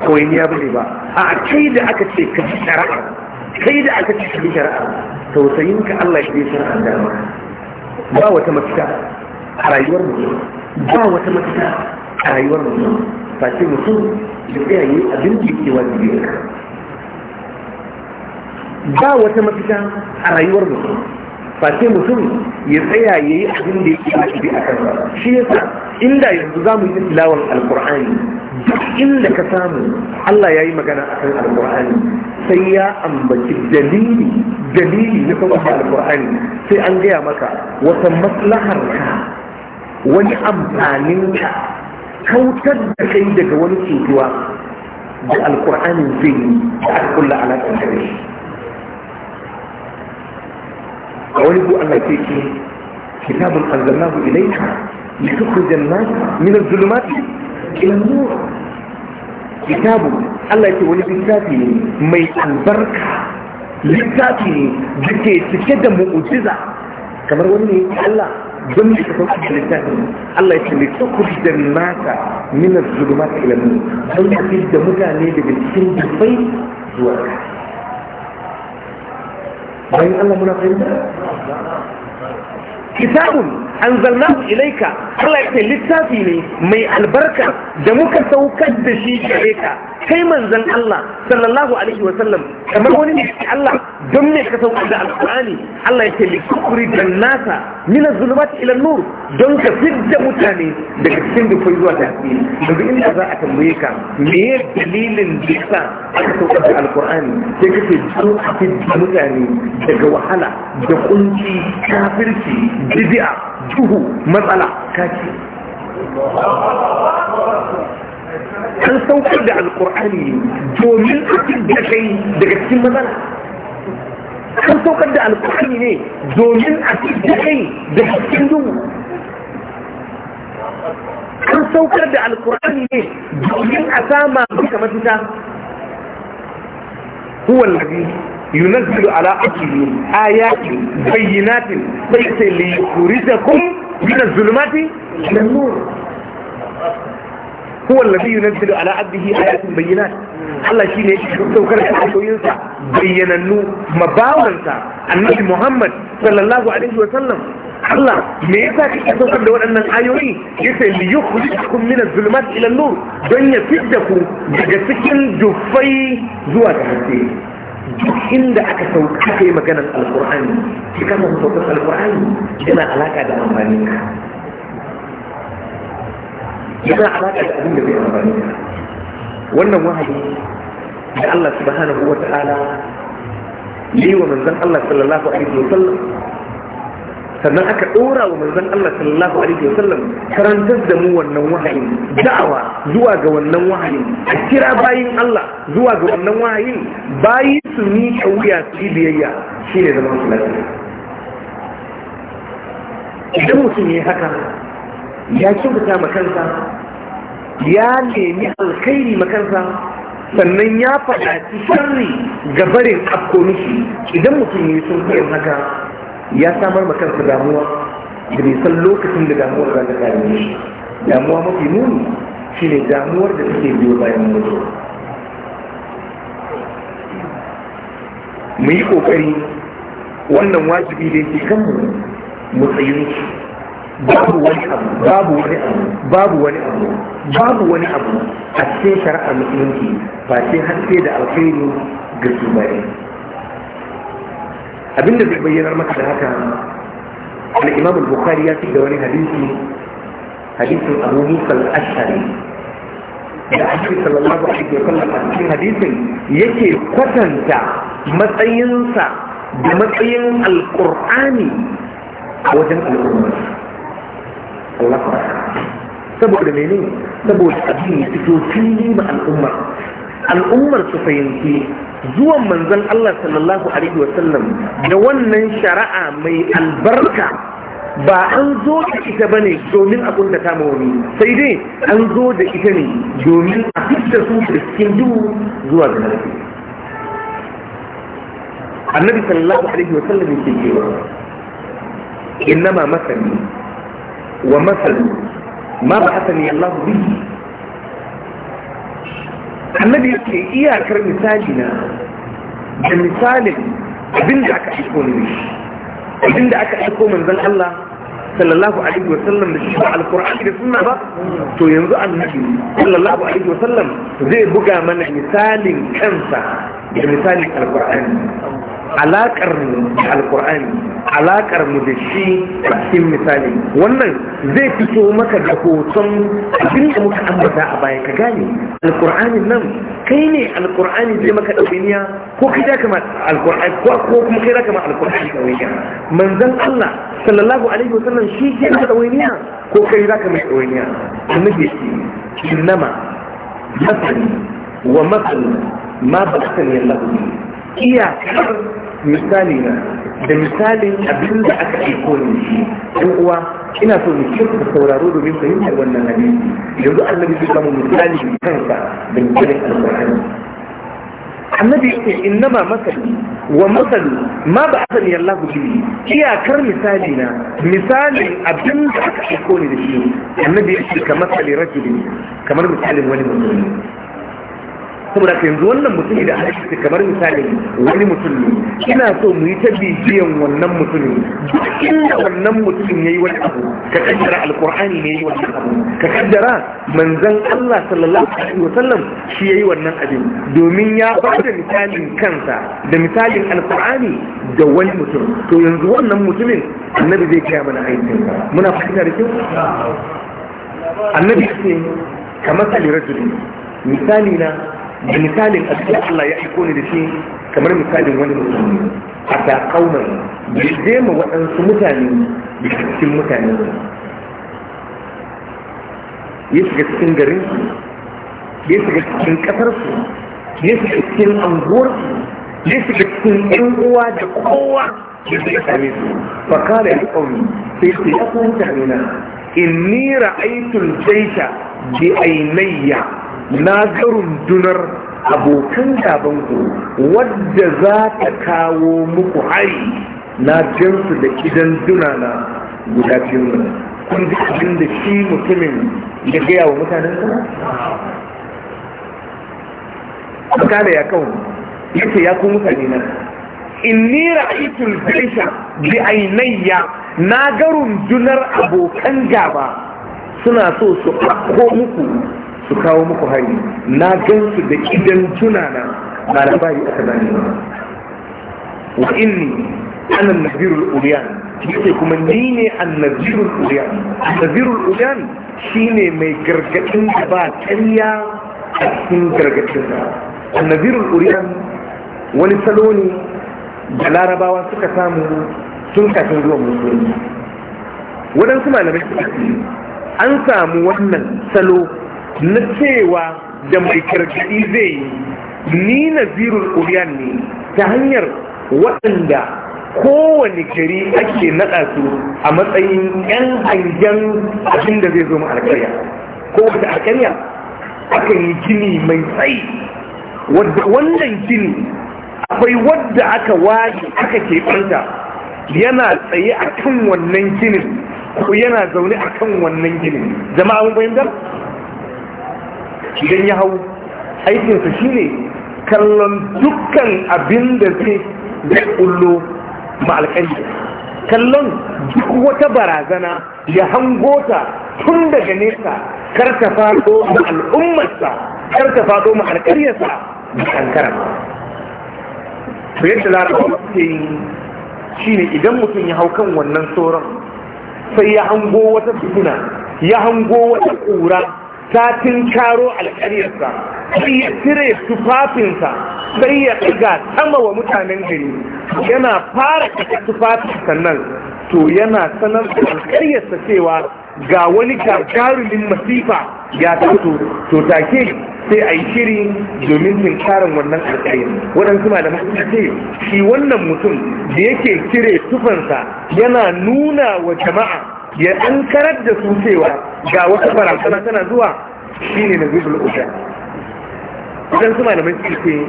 koyaniya ba ne ba a kai da aka ce ka ji shari'a kai da aka ce ka ji shari'a tausayinka Allah ya ji shari'a dama. ba wata mafita a rayuwar mu. ba wata mafita a rayuwar mutum ba ce mutum da tsaya yi abin da yake wajibi ne ba wata mafita a rayuwar mutum ba ce mutum ya tsaya ya yi abin da yake wajibi a kansa shi yasa inda yanzu za mu yi tilawar alkur'ani duk inda ka samu Allah ya yi magana a kan alkur'ani sai ya ambaci dalili dalili na kuma alkur'ani sai an gaya maka wata maslahar ka wani amfanin ka kautar da kai daga wani cutuwa da alkur'anin zai yi da alkulla alaƙar da shi a wani ko Allah ke ce kitabun anzalnahu ilayka لتخرج الناس من الظلمات إلى النور كتابه الله يقول لكتابي مي البركة لكتابي جكي سكدة مؤجزة كما يقول الله الله يسلي تخرج دماك من الظلمات إلى النور هل يخرج دمك نيد بالسن بالفيل كتاب أنزلناه إليك الله يسلي تهم مي البركة دمك توكد شيء إليك kai manzon Allah sallallahu alaihi wa sallam kamar wani ne Allah don me ka saukar da alqur'ani Allah yake li kukuri jannata min az-zulumat ila nur don ka fidda mutane daga cikin dufai zuwa tasiri daga inda za a tambaye ka me dalilin da aka saukar da alƙur'ani? sai kake don a fidda mutane daga wahala da kunci kafirci bid'a duhu matsala kace an saukar da alkur'ani domin a da kai daga cikin matsala an saukar da alkur'ani ne domin a da kai daga cikin duhu an saukar da alkur'ani ne domin a sama duka mafita هو الذي ينزل على عبده آيات بينات ليس ليخرجكم من الظلمات إلى huwa alladhi da ala abdihi bayyana bayyinat Allah shine yake saukar da ayoyinsa bayyanannu mabawansa annabi Muhammad sallallahu alaihi wa sallam Allah me yasa kake saukar da waɗannan ayoyi yace li yukhrijakum min az-zulumat ila an-nur don ya fidda ku daga cikin dufai zuwa ga haske duk inda aka sauka kai maganar alqur'ani kika kama saukar alqur'ani yana alaka da amfani ka yana alaƙa da abin da bai amfani wannan wahayi da Allah subhanahu wa ta'ala yi wa manzon Allah sallallahu alaihi wa sallam sannan aka ɗora wa manzon Allah sallallahu alaihi wa sallam karantar da mu wannan wahayin da'awa zuwa ga wannan wahayin a kira bayin Allah zuwa ga wannan wahayin bayi su miƙa wuya su yi biyayya shine zaman su lafiya idan mutum ya haka ya kyauta makansa ya nemi alkhairi makansa sannan ya faɗaci sharri ga barin afko idan mutum ya sun kuɗin haka ya samar makansa damuwa da bai san lokacin da damuwar za ta kare shi damuwa mafi muni shine damuwar da take biyo bayan mutuwa mu yi ƙoƙari wannan wajibi da yake kanmu mu tsayin shi babu wani abu babu wani abu babu wani abu a ce shari'a musulunci ba sai haske da alkhairi ga su bane abinda zai bayyanar maka da haka al-imam bukhari ya fi da wani hadisi hadisin abu musa al-ashari da ake sallallahu alaihi wa sallam a cikin hadisin yake kwatanta matsayinsa da matsayin alkur'ani a wajen al'ummar saboda menene saboda abin ya fito fili ma al'ummar al'ummar su fahimci zuwan manzon Allah sallallahu alaihi sallam da wannan shari'a mai albarka ba an zo da ita bane domin a kunta ta wani sai dai an zo da ita ne domin a fitar su da cikin duhu zuwa ga annabi sallallahu alaihi wasallam yake cewa ma masani ومثل ما بعثني الله به annabi ya ce iyakar misali na da misalin abinda aka aiko ne abinda aka aiko manzan Allah sallallahu alaihi wasallam da shi ba alkur'ani da sunna ba to yanzu annabi sallallahu alaihi wasallam zai buga mana misalin kansa da misalin alkur'ani alaƙar da alkur'ani alaƙar mu da shi a cikin misali wannan zai fito maka da hoton abin da muka ambata a baya ka gane alkur'ani nan kai ne alkur'ani zai maka ɗauniya ko kai da kama alkur'ani ko kuma kai da kama alkur'ani ɗauniya manzan Allah sallallahu alaihi wasallam shi ke da ɗauniya ko kai da kama ɗauniya annabi shi innama masani wa matsal ma ba a sanya lafi iyakar misali na da misalin abin da aka aiko ne shi uwa ina so mutum ka sauraro domin fahimtar wannan hadisi yanzu annabi zai samu misali kansa da misalin alƙur'ani annabi yake innama masali wa masali ma ba asali Allah bihi iyakar misali na misalin abin da aka aiko ne da shi annabi yake ka masali rajulin kamar misalin wani mutum saboda ka yanzu wannan mutumi da harshe kamar misali wani mutum ne ina so mu yi ta bibiyan wannan mutumin duk inda wannan mutumin ya yi wani abu ka kaddara alqur'ani ne ya yi wannan abu ka kaddara manzan Allah sallallahu alaihi wasallam shi yayi wannan abin domin ya ba da misalin kansa da misalin alqur'ani da wani mutum to yanzu wannan mutumin annabi zai kai mana aikin muna fahimta da kyau annabi ce kamar kalirajuli misali na da misalin abin Allah ya aiko ni da shi kamar misalin wani musulmi a ta kaumar da je ma waɗansu mutane da cikin mutane ya shiga cikin garin ya shiga cikin ƙasarsu ya shiga cikin anguwarsu ya shiga cikin yan uwa da kowa ya shiga same su fakara ya kaumi sai su ya kuma mutane na inni ra'aitul jaisha bi ainiya. na ga rundunar abokan gabanku wadda za ta kawo muku hari na jansu da idan dunana guda biyu kun ji abin da shi mutumin ya gaya wa mutanen kuma? Makala ya kawo, yake ya kun mutane nan. ni ra'aitul jaisha bi ainayya na ga rundunar abokan gaba suna so su ɗauko muku su kawo muku hari na gan su da idan tunana ba labari aka bani ba wa inni ana nazirul uriyan yake kuma ni ne annazirul uriyan annazirul uriyan shine mai gargadin da ba ƙarya a cikin gargadin da annazirul uriyan wani salo ne da larabawa suka samu sun kafin zuwa musulmi waɗansu malamai suka ce an samu wannan salo na cewa da mai gargaɗi zai yi ni na zirin uriyan ne ta hanyar waɗanda kowane gari ake naɗa su a matsayin 'yan hangen abin da zai zo mu ko kowace alkarya akan yi gini mai tsayi wannan gini akwai wadda aka waje aka keɓanta yana tsaye a kan wannan ginin ko yana zaune a kan wannan ginin jama'a mun fahimtar idan ya hau aikinsa ne kallon dukkan abin da zai kullo kullo ma'alƙari kallon duk wata barazana ya hango ta tun daga nesa kar ta faɗo ma al'ummarsa kar ta faɗo ma alƙaryarsa da kankara to yadda larabawa suke yi shi ne idan mutum ya hau kan wannan tsoron sai ya hango wata fitina ya hango wata ƙura satin karo alƙaryarsa sai ya cire tufafinsa sai ya ɗiga sama wa mutanen gari yana fara kasa tufafinsa nan, to yana sanar da alƙaryarsa cewa ga wani gagarumin masifa ya taso to take sai a yi shiri domin tunkarin wannan alƙaryar waɗansu da suka ce shi wannan mutum da yake kire tufansa yana nuna wa jama'a ya ɗan karar da su cewa ga wata barazana tana zuwa shi ne na zubul uda idan su malamai su ce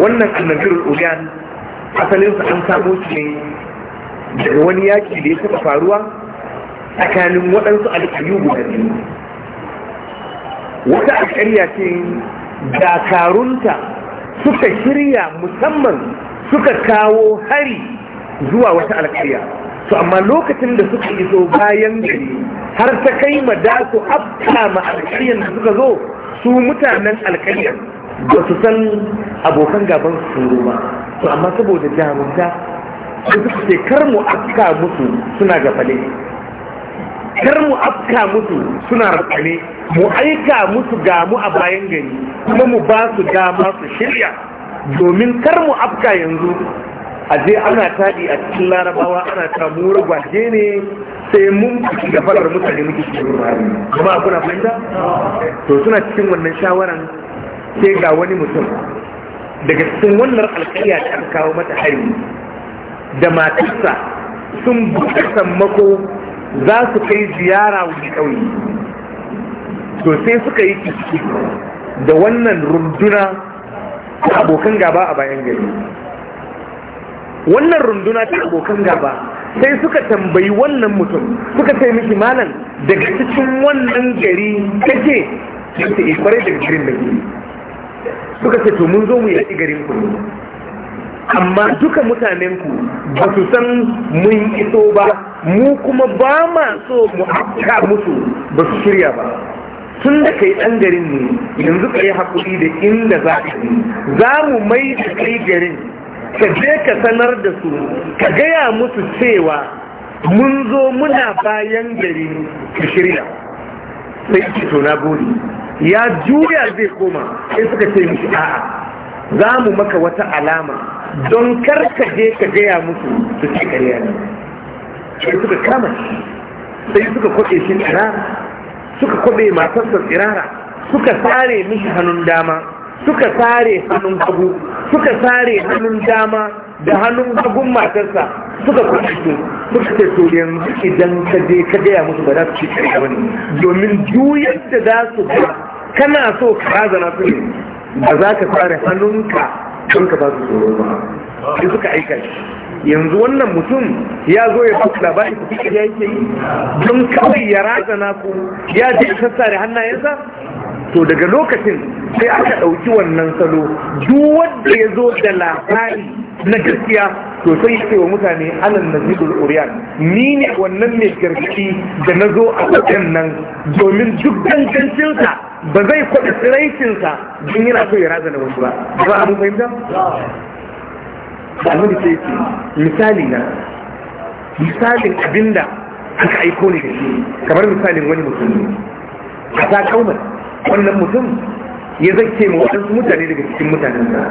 wannan annabirul uda asalin an samu shi ne daga wani yaki da ya taɓa faruwa tsakanin waɗansu alƙayu guda ne wata alƙarya ce dakarunta suka shirya musamman suka kawo hari zuwa wata alƙarya to amma lokacin da suka iso bayan gari har ta kai ma da su afka ma alƙaryar da suka zo su mutanen alƙaryar ba su san abokan gaban su ba to amma saboda jarumta su suka ce kar mu afka musu suna gafale kar mu afka musu suna rafale mu aika musu gamu a bayan gari kuma mu ba su dama su shirya domin kar mu afka yanzu A je ana taɗi a cikin larabawa ana samu ragwaje ne sai mun ciki ga falar mutane muke shi kuma kuna fahimta to suna cikin wannan shawaran sai ga wani mutum daga cikin wannan alƙayya da aka kawo mata hari da matarsa sun buɗe sammako za su kai ziyara wani ƙauye to sai suka yi ciki da wannan runduna abokan gaba a bayan gari wannan runduna ta abokan gaba sai suka tambayi wannan mutum suka sai miki malam daga cikin wannan gari kake ta ikwarai eh, daga garin da ke suka ce to mun zo mu yaki garin ku amma duka mutanenku ba su san mun iso ba mu kuma ba ma so mu haka musu ba su shirya ba tun da kai ɗan garin ne yanzu ka yi haƙuri da inda za ka yi za mu mai da kai garin ka je ka sanar da su ka gaya musu cewa mun zo muna bayan gari ka shirya sai ki to na gode ya juya zai koma sai suka ce mishi a'a za mu maka wata alama don kar ka je ka gaya musu su ce ƙarya ne sai suka kama sai suka kwaɓe shi tsirara suka kwaɓe matarsa tsirara suka tsare mishi hannun dama suka sare hannun hagu suka sare hannun dama da hannun hagun matarsa suka kwanci suka ce to yanzu idan ka je ka gaya musu ba za su ci ƙarfi ba ne domin juyar da za su ba kana so ka razana su ne ba za ka sare hannunka don ka ba su tsoro ba sai suka aika shi yanzu wannan mutum ya zo ya ba labari ku kike yake yi don kawai ya razana ku ya je sassare hannayensa to daga lokacin sai aka ɗauki wannan salo duk wanda ya zo da labari na gaskiya to sai ce wa mutane alal nasibul uriyan ni ne wannan mai gargaɗi da na zo a wajen nan domin duk dangancinsa ba zai kwaɗa tsiraicinsa don yana so ya razana wasu ba ba da annabi sai ce misali na misalin abinda aka aiko ne da shi kamar misalin wani mutum a ta kaumar wannan mutum ya zake ma waɗansu mutane daga cikin mutanen sa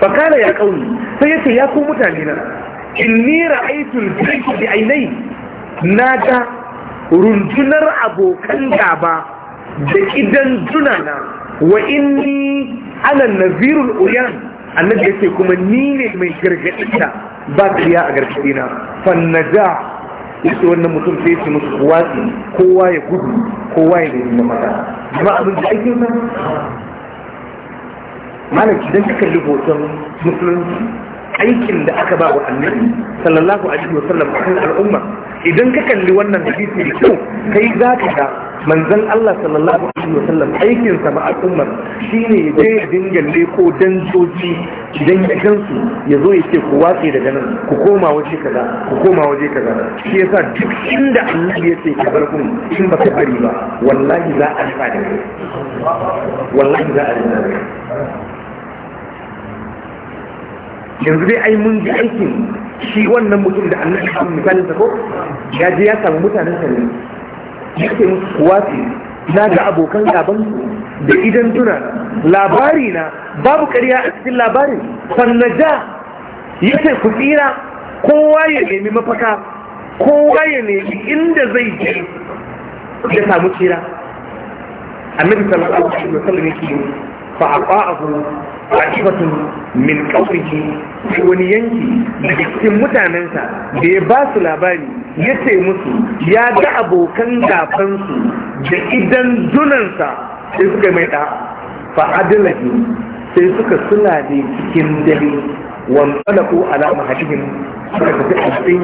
fakala ya kauni sai ya ce ya ko mutane na inni ra'aytul jayyi da ainai na ga rundunar abokan gaba da idan junana wa inni ana nazirul uyan annabi yace kuma ni ne mai gargadi ta ba kariya a gargadi na naja yace wannan mutum sai yace musu kowa kowa ya gudu kowa ya nemi mata amma abin da ake sa malam idan ka kalli hoton musulunci aikin da aka ba wa annabi sallallahu alaihi wasallam kan al'umma idan ka kalli wannan hadisi da kyau kai za ka ga Manzan Allah sallallahu alaihi sallam aikin sa ba al'ummar shine je ya dinga leko dan soci idan ya gansu ya zo ya ce ku watse daga nan ku koma waje kaza ku koma waje kaza shi yasa duk inda annabi ya ce ka bar kun in ba ka bari ba wallahi za a rufa da kai wallahi za a rufa da yanzu dai ai mun ji aikin shi wannan mutum da annabi ya misalin sa ko ya je ya samu mutanen sa ne yake musu na ga abokan gaban da idan tuna labari na babu ƙarya a cikin labarin sannaja yake ku tsira kowa ya nemi mafaka kowa ya nemi inda zai je ya samu tsira A annabi sallallahu alaihi wasallam yake fa aqa'ahu aqibatun min qawlihi wani yanki da cikin mutanensa da ya ba su labari ya ce musu ya ga abokan gafansu da idan dunansa sai suka mai ɗa fa adilahi sai suka suna ne cikin dare wanda ko alama hadihin suka tafi alfin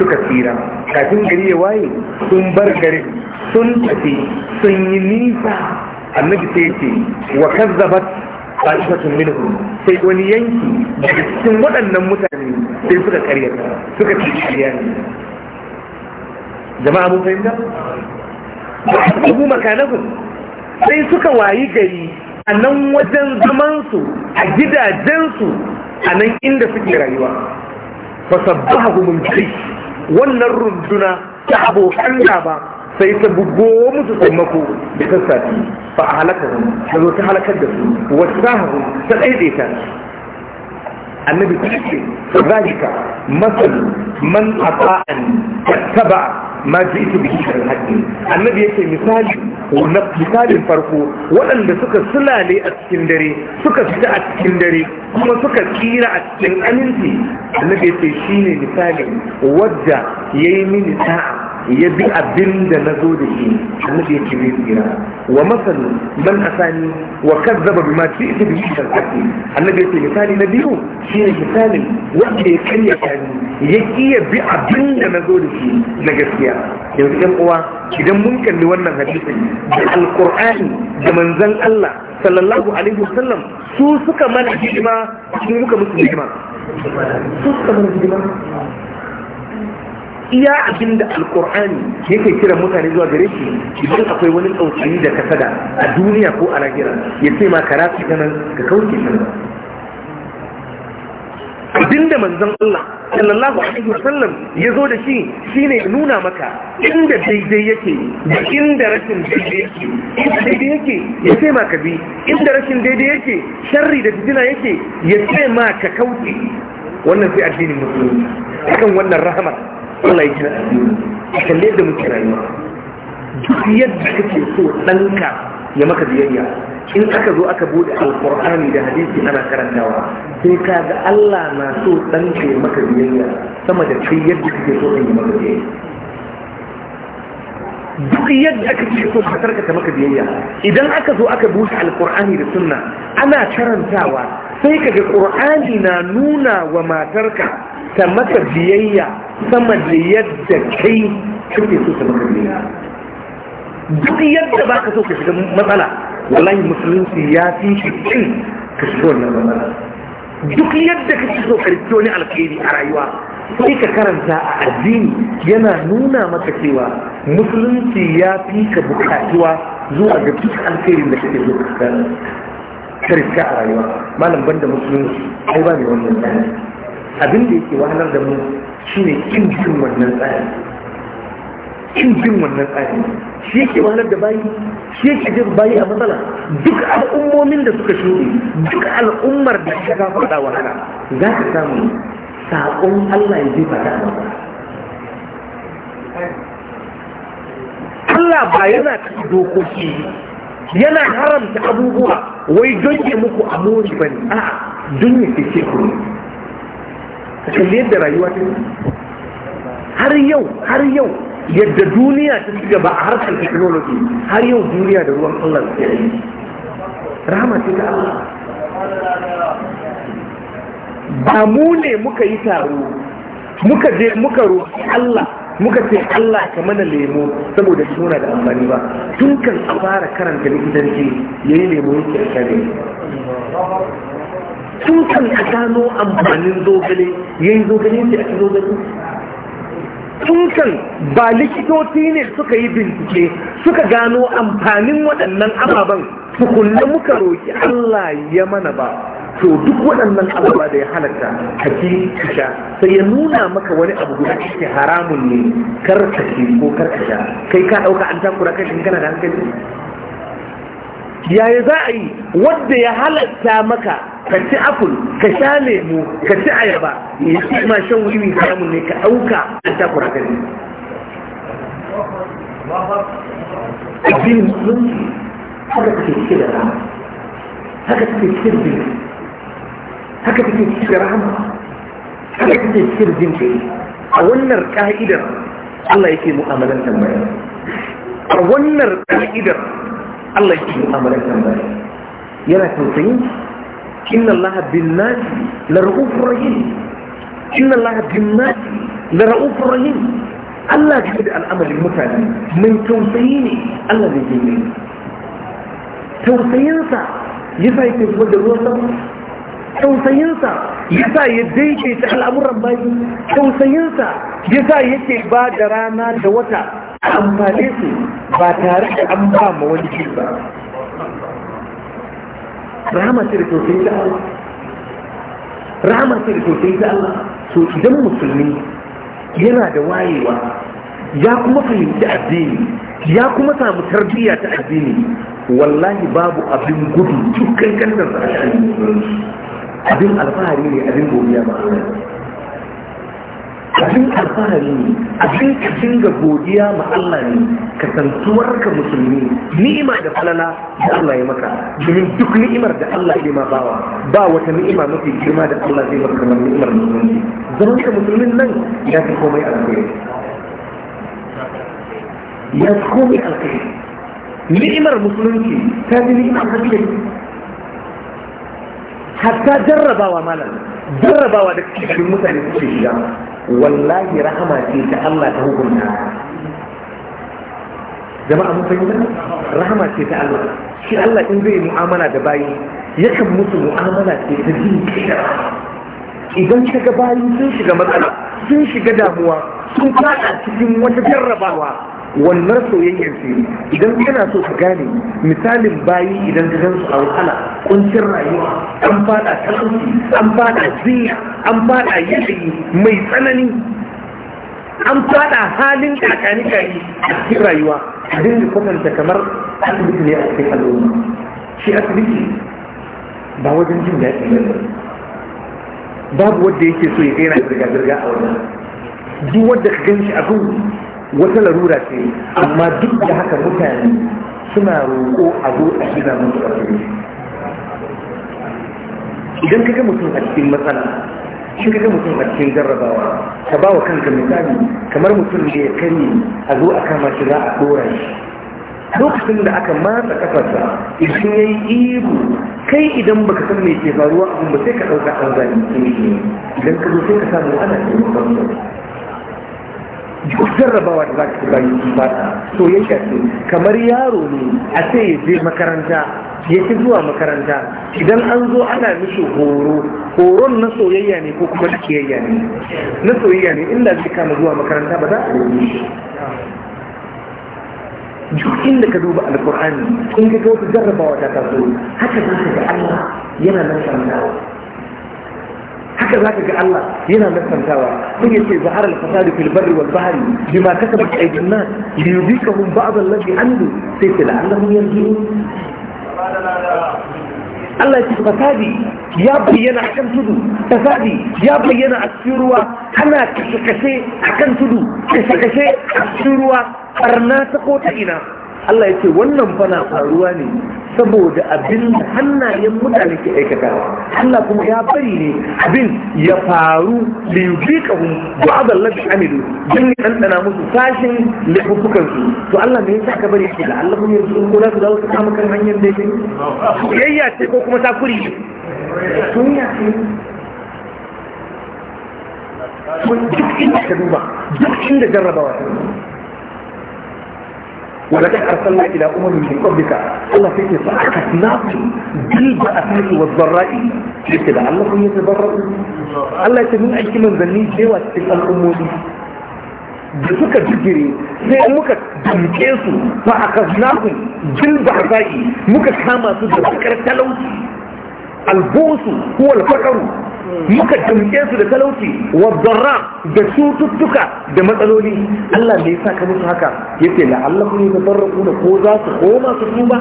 suka tsira kafin gari ya waye sun bar gari sun tafi sun yi nisa annabi sai ce wa kazzabat fa'ifatun minhum sai wani yanki da cikin waɗannan mutane sai suka karyata suka ce kariya ne jama'a mun fahimta abu makanakun sai suka wayi gari a nan wajen zamansu a gidajensu a nan inda suke rayuwa ba sabbaha gumunci wannan runduna ta abokan gaba sai ta bugo musu sammako da sassafi ba a halakar da zo ta halakar da su wasu ta ɗaiɗaita annabi ta ce zalika masal man ata'an tattaba ma ji'tu bihi min al-haqqi annabi yake misali na misalin farko waɗanda suka sulale a cikin dare suka fita a cikin dare kuma suka tsira a cikin aminci annabi yake shine misali wadda yayi mini sa'a ya bi abin da na zo da shi annabi ya ce zai tsira wa masal man asani wa kazzaba bima ji'tu bihi shakki annabi ya ce misali na biyu shine misalin wanda ya karya ni ya iya bi abin da na zo da shi na gaskiya yanzu ɗan uwa idan mun kalli wannan hadisin da alqur'ani da manzon Allah sallallahu alaihi wasallam su suka mana hidima su muka musu hidima su suka mana hidima iya abin da alkur'ani yake kiran mutane zuwa gare shi idan akwai wani tsautsayi da kasada a duniya ko a lahira ya ce ma kara su kanan ka kauce kanan abin da manzon Allah sallallahu alaihi wasallam ya zo da shi shine ya nuna maka inda daidai yake da inda rashin daidai yake inda daidai yake ya ce ma ka bi inda rashin daidai yake sharri da fitina yake ya ce ma ka kauce wannan sai addinin musulunci akan wannan rahama Allah ya kira a kalle da muke rayuwa duk yadda kake so ɗanka ya maka biyayya in aka zo aka bude alkur'ani da hadisi ana karantawa sai ka ga Allah na so ɗanka ya maka biyayya sama da kai yadda kake so ɗan ya maka biyayya duk yadda aka ce so ka ta maka biyayya idan aka zo aka buɗe alkur'ani da sunna ana karantawa sai ga ƙur'ani na nuna wa matarka ta mata biyayya sama da yadda kai kake so ta maka biyayya duk yadda ba ka so ka shiga matsala wallahi musulunci ya fi shi cin ka shiga wannan matsala duk yadda ka shi so ka rikki wani alkhairi a rayuwa sai ka karanta a addini yana nuna maka cewa musulunci ya fi ka bukatuwa zuwa ga duk alkhairin da kake so ka karfi a rayuwa malam banda musulunci ai ba mai wannan tsari abin da yake wahalar da mu shi ne kin jin wannan tsari kin jin wannan tsari shi yake wahalar da bayi shi yake jin bayi a matsala duk al'ummomin da suka shuɗe duk al'ummar da ta ga faɗa wahala za ka samu saƙon Allah ya jefa ta Allah ba yana ta dokoki yana haramta abubuwa wai don ya muku mori ba ne a don ya ce ku ne a kalli yadda rayuwa ta har yau har yau yadda duniya ta ci gaba a harkar technology har yau duniya da ruwan Allah ke yi rahama ce ta Allah ba mu ne muka yi taro muka je muka roƙi Allah muka ce Allah ka mana lemo saboda shi da amfani ba tun kan a fara karanta likitanci ya yi lemo yake a kare tun kan a gano amfanin zogale ya yi zogale yake a ci zogale tun kan ba likitoci ne suka yi bincike suka gano amfanin waɗannan ababen tukunna muka roƙi Allah ya mana ba to duk waɗannan abubuwa da ya halatta ka ci ka sha sai ya nuna maka wani abu guda ke haramun ne kar ka ci ko kar ka sha kai ka ɗauka an takura kai shin kana da hankali yaya za a yi wanda ya halatta maka ka ci apul ka sha lemu ka ci ayaba ya ci ma shan wiwi haramun ne ka ɗauka an takura kai abin musulunci haka ke cike da rana haka ke cike da haka take cikin rahama haka take cikin jin kai a wannan ka'idar Allah yake mu'amalan tambaya a wannan ka'idar Allah yake mu'amalan tambaya yana tausayin inna Allah bin nasi la ra'ufur rahim inna Allah bin nasi la ra'ufur rahim Allah ya da al'amarin mutane mun tausayi ne Allah zai yi tausayinsa yasa yake zuwa da ruwan sama tausayinsa ya sa ya ta al'amuran bayi tausayinsa ya sa yake ba da rana da wata amfane su ba tare da an ba ma wani ke ba rahama ce da tausayi Allah rahama ce da Allah so idan musulmi yana da wayewa ya kuma fahimci addini ya kuma samu tarbiyya ta addini wallahi babu abin gudu dukkan kan da abin alfahari ne abin godiya ba abin alfahari ne abin ka dinga godiya ma Allah ne kasantuwar ka musulmi ni'ima da falala da Allah ya maka domin duk ni'imar da Allah ya ma bawa ba wata ni'ima mafi girma da Allah zai maka kamar ni'imar musulmi zaman ka musulmin nan ya fi komai alkhairi ya fi komai alkhairi ni'imar musulunci ta fi ni'imar hajji hatta jarrabawa malam jarrabawa da cikin mutane suke shiga wallahi rahama ce ta Allah ta hukunta jama'a mun fahimta rahama ce ta Allah shi Allah in zai mu'amala da bayi yakan musu mu'amala ce ta jin idan ka ga bayi sun shiga matsala sun shiga damuwa sun fada cikin wata jarrabawa wannan soyayyar ce idan kana so ka gane misalin bayi idan ka gansu a wahala kuncin rayuwa an fada talauci an fada jinya an fada yanayi mai tsanani an fada halin kakani kayi a cikin rayuwa A dinga kwatanta kamar asibiti ne a cikin al'umma shi asibiti ba wajen jin daɗi babu wanda yake so ya gaina zirga-zirga a wajen duk wanda ka gan shi a wata larura ce amma duk da haka mutane suna roƙo a zo a gina musu asiri idan ka ga mutum a cikin matsala shi ka ga mutum a cikin jarrabawa ka ba wa kanka misali kamar mutum da ya kare a zo a kama shi za a ɗora shi lokacin da aka matsa kafarsa idan ya yi ihu kai idan baka san me ke faruwa abin ba sai ka ɗauka an zalunci ne idan ka zo sai ka samu ana taimakon duk jarrabawa da za ka ci bayan su fata soyayya ce kamar yaro ne a ce ya je makaranta ya fi zuwa makaranta idan an zo ana mishi horo horon na soyayya ne ko kuma na kiyayya ne na soyayya ne inda zai kama zuwa makaranta ba za a yi duk inda ka duba alkur'ani in ka ga wata jarrabawa ta taso haka zai ka ga Allah yana nan sanarwa haka za ka ga Allah yana nassantawa sun yace zahar al-fasadu fil barri wal bahri bima kasabat aydin nas liyudikahum ba'd alladhi anhu sai ta la'allahum yarji'un Allah ya fasadi ya bayyana a kan tudu fasadi ya bayyana a cikin ruwa ana kashe-kashe a kan tudu kashe-kashe a cikin ruwa barna ta ko ta ina Allah ya ce wannan fana faruwa ne saboda abin hannayen mutane ke aikata Allah kuma ya bari ne abin ya faru da yujiqahum ba'd allazi amilu dan ya ɗanɗana musu sashin laifukan to Allah ne ya saka bari shi da Allah kuma yanzu ko za su dawo su kama kan hanyar da yake yayya ce ko kuma takuri dunya ce duk inda ka duba duk inda jarrabawa ta ولقد أرسلنا إلى أمم من قبلك الله فيك فأخذناهم بالبأساء والضراء ليس لعلهم يتضررون الله يتمنى أي كلمة ذني سوى تلك الأمم da suka jigire sai muka damke su fa akaznahum bil bahra'i muka kama su da bakar talauci albusu huwa alfaqaru muka dumke su da talauci wa dharra da cututtuka da matsaloli Allah me yasa ka musu haka yace la'allakum yatafarraquna ko za su koma su tuba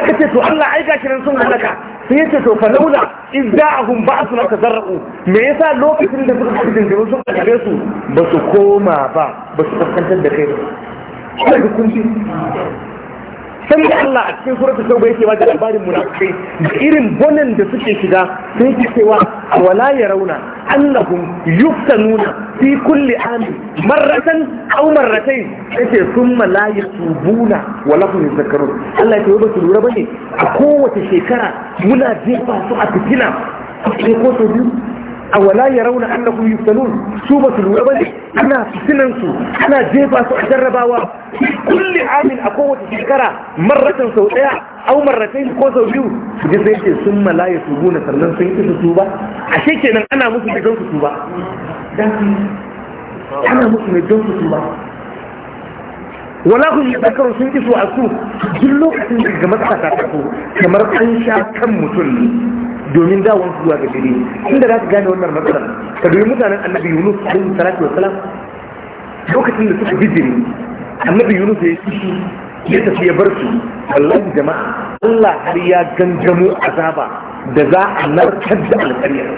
aka ce to Allah aika shi nan sun halaka sai yace to falaula izda'ahum ba'su la tazarru me yasa lokacin da suka cikin daga sun kalle su ba su koma ba ba su kaskantar da kai ba kuma hukunci sai da Allah a cikin suratul tauba yake ba da labarin munafikai da irin bonan da suke shiga sai yake cewa wala yarawna annahum yuftanuna fi kulli am marratan aw marratayn yace thumma la yatubuna wa lahum yadhakkarun Allah ya ba su lura bane a kowace shekara muna jefa su a fitina sai ko to biyu a wala ya rauna annahum yuftanun su ba su lura bane ana fitinan ana jefa su a jarrabawa kulli amin a kowace shekara marratan sau daya au marratai ko sau biyu ji zai ce sun malaya su gona sannan sun isa su ba ashe nan ana musu da don su ba ana musu ne don su ba wala ku zakarun sun iso a su duk lokacin da ga matsaka ta kamar an sha kan mutum ne domin dawon zuwa ga dare inda za ka gane wannan matsalar ka domin mutanen annabi yunus alaihi salatu wa Salam. lokacin da suka bijiri annabi yunus ya yi ya tafi ya bar su wallahi jama'a Allah har ya gangamo azaba da za a narkar da alƙaryar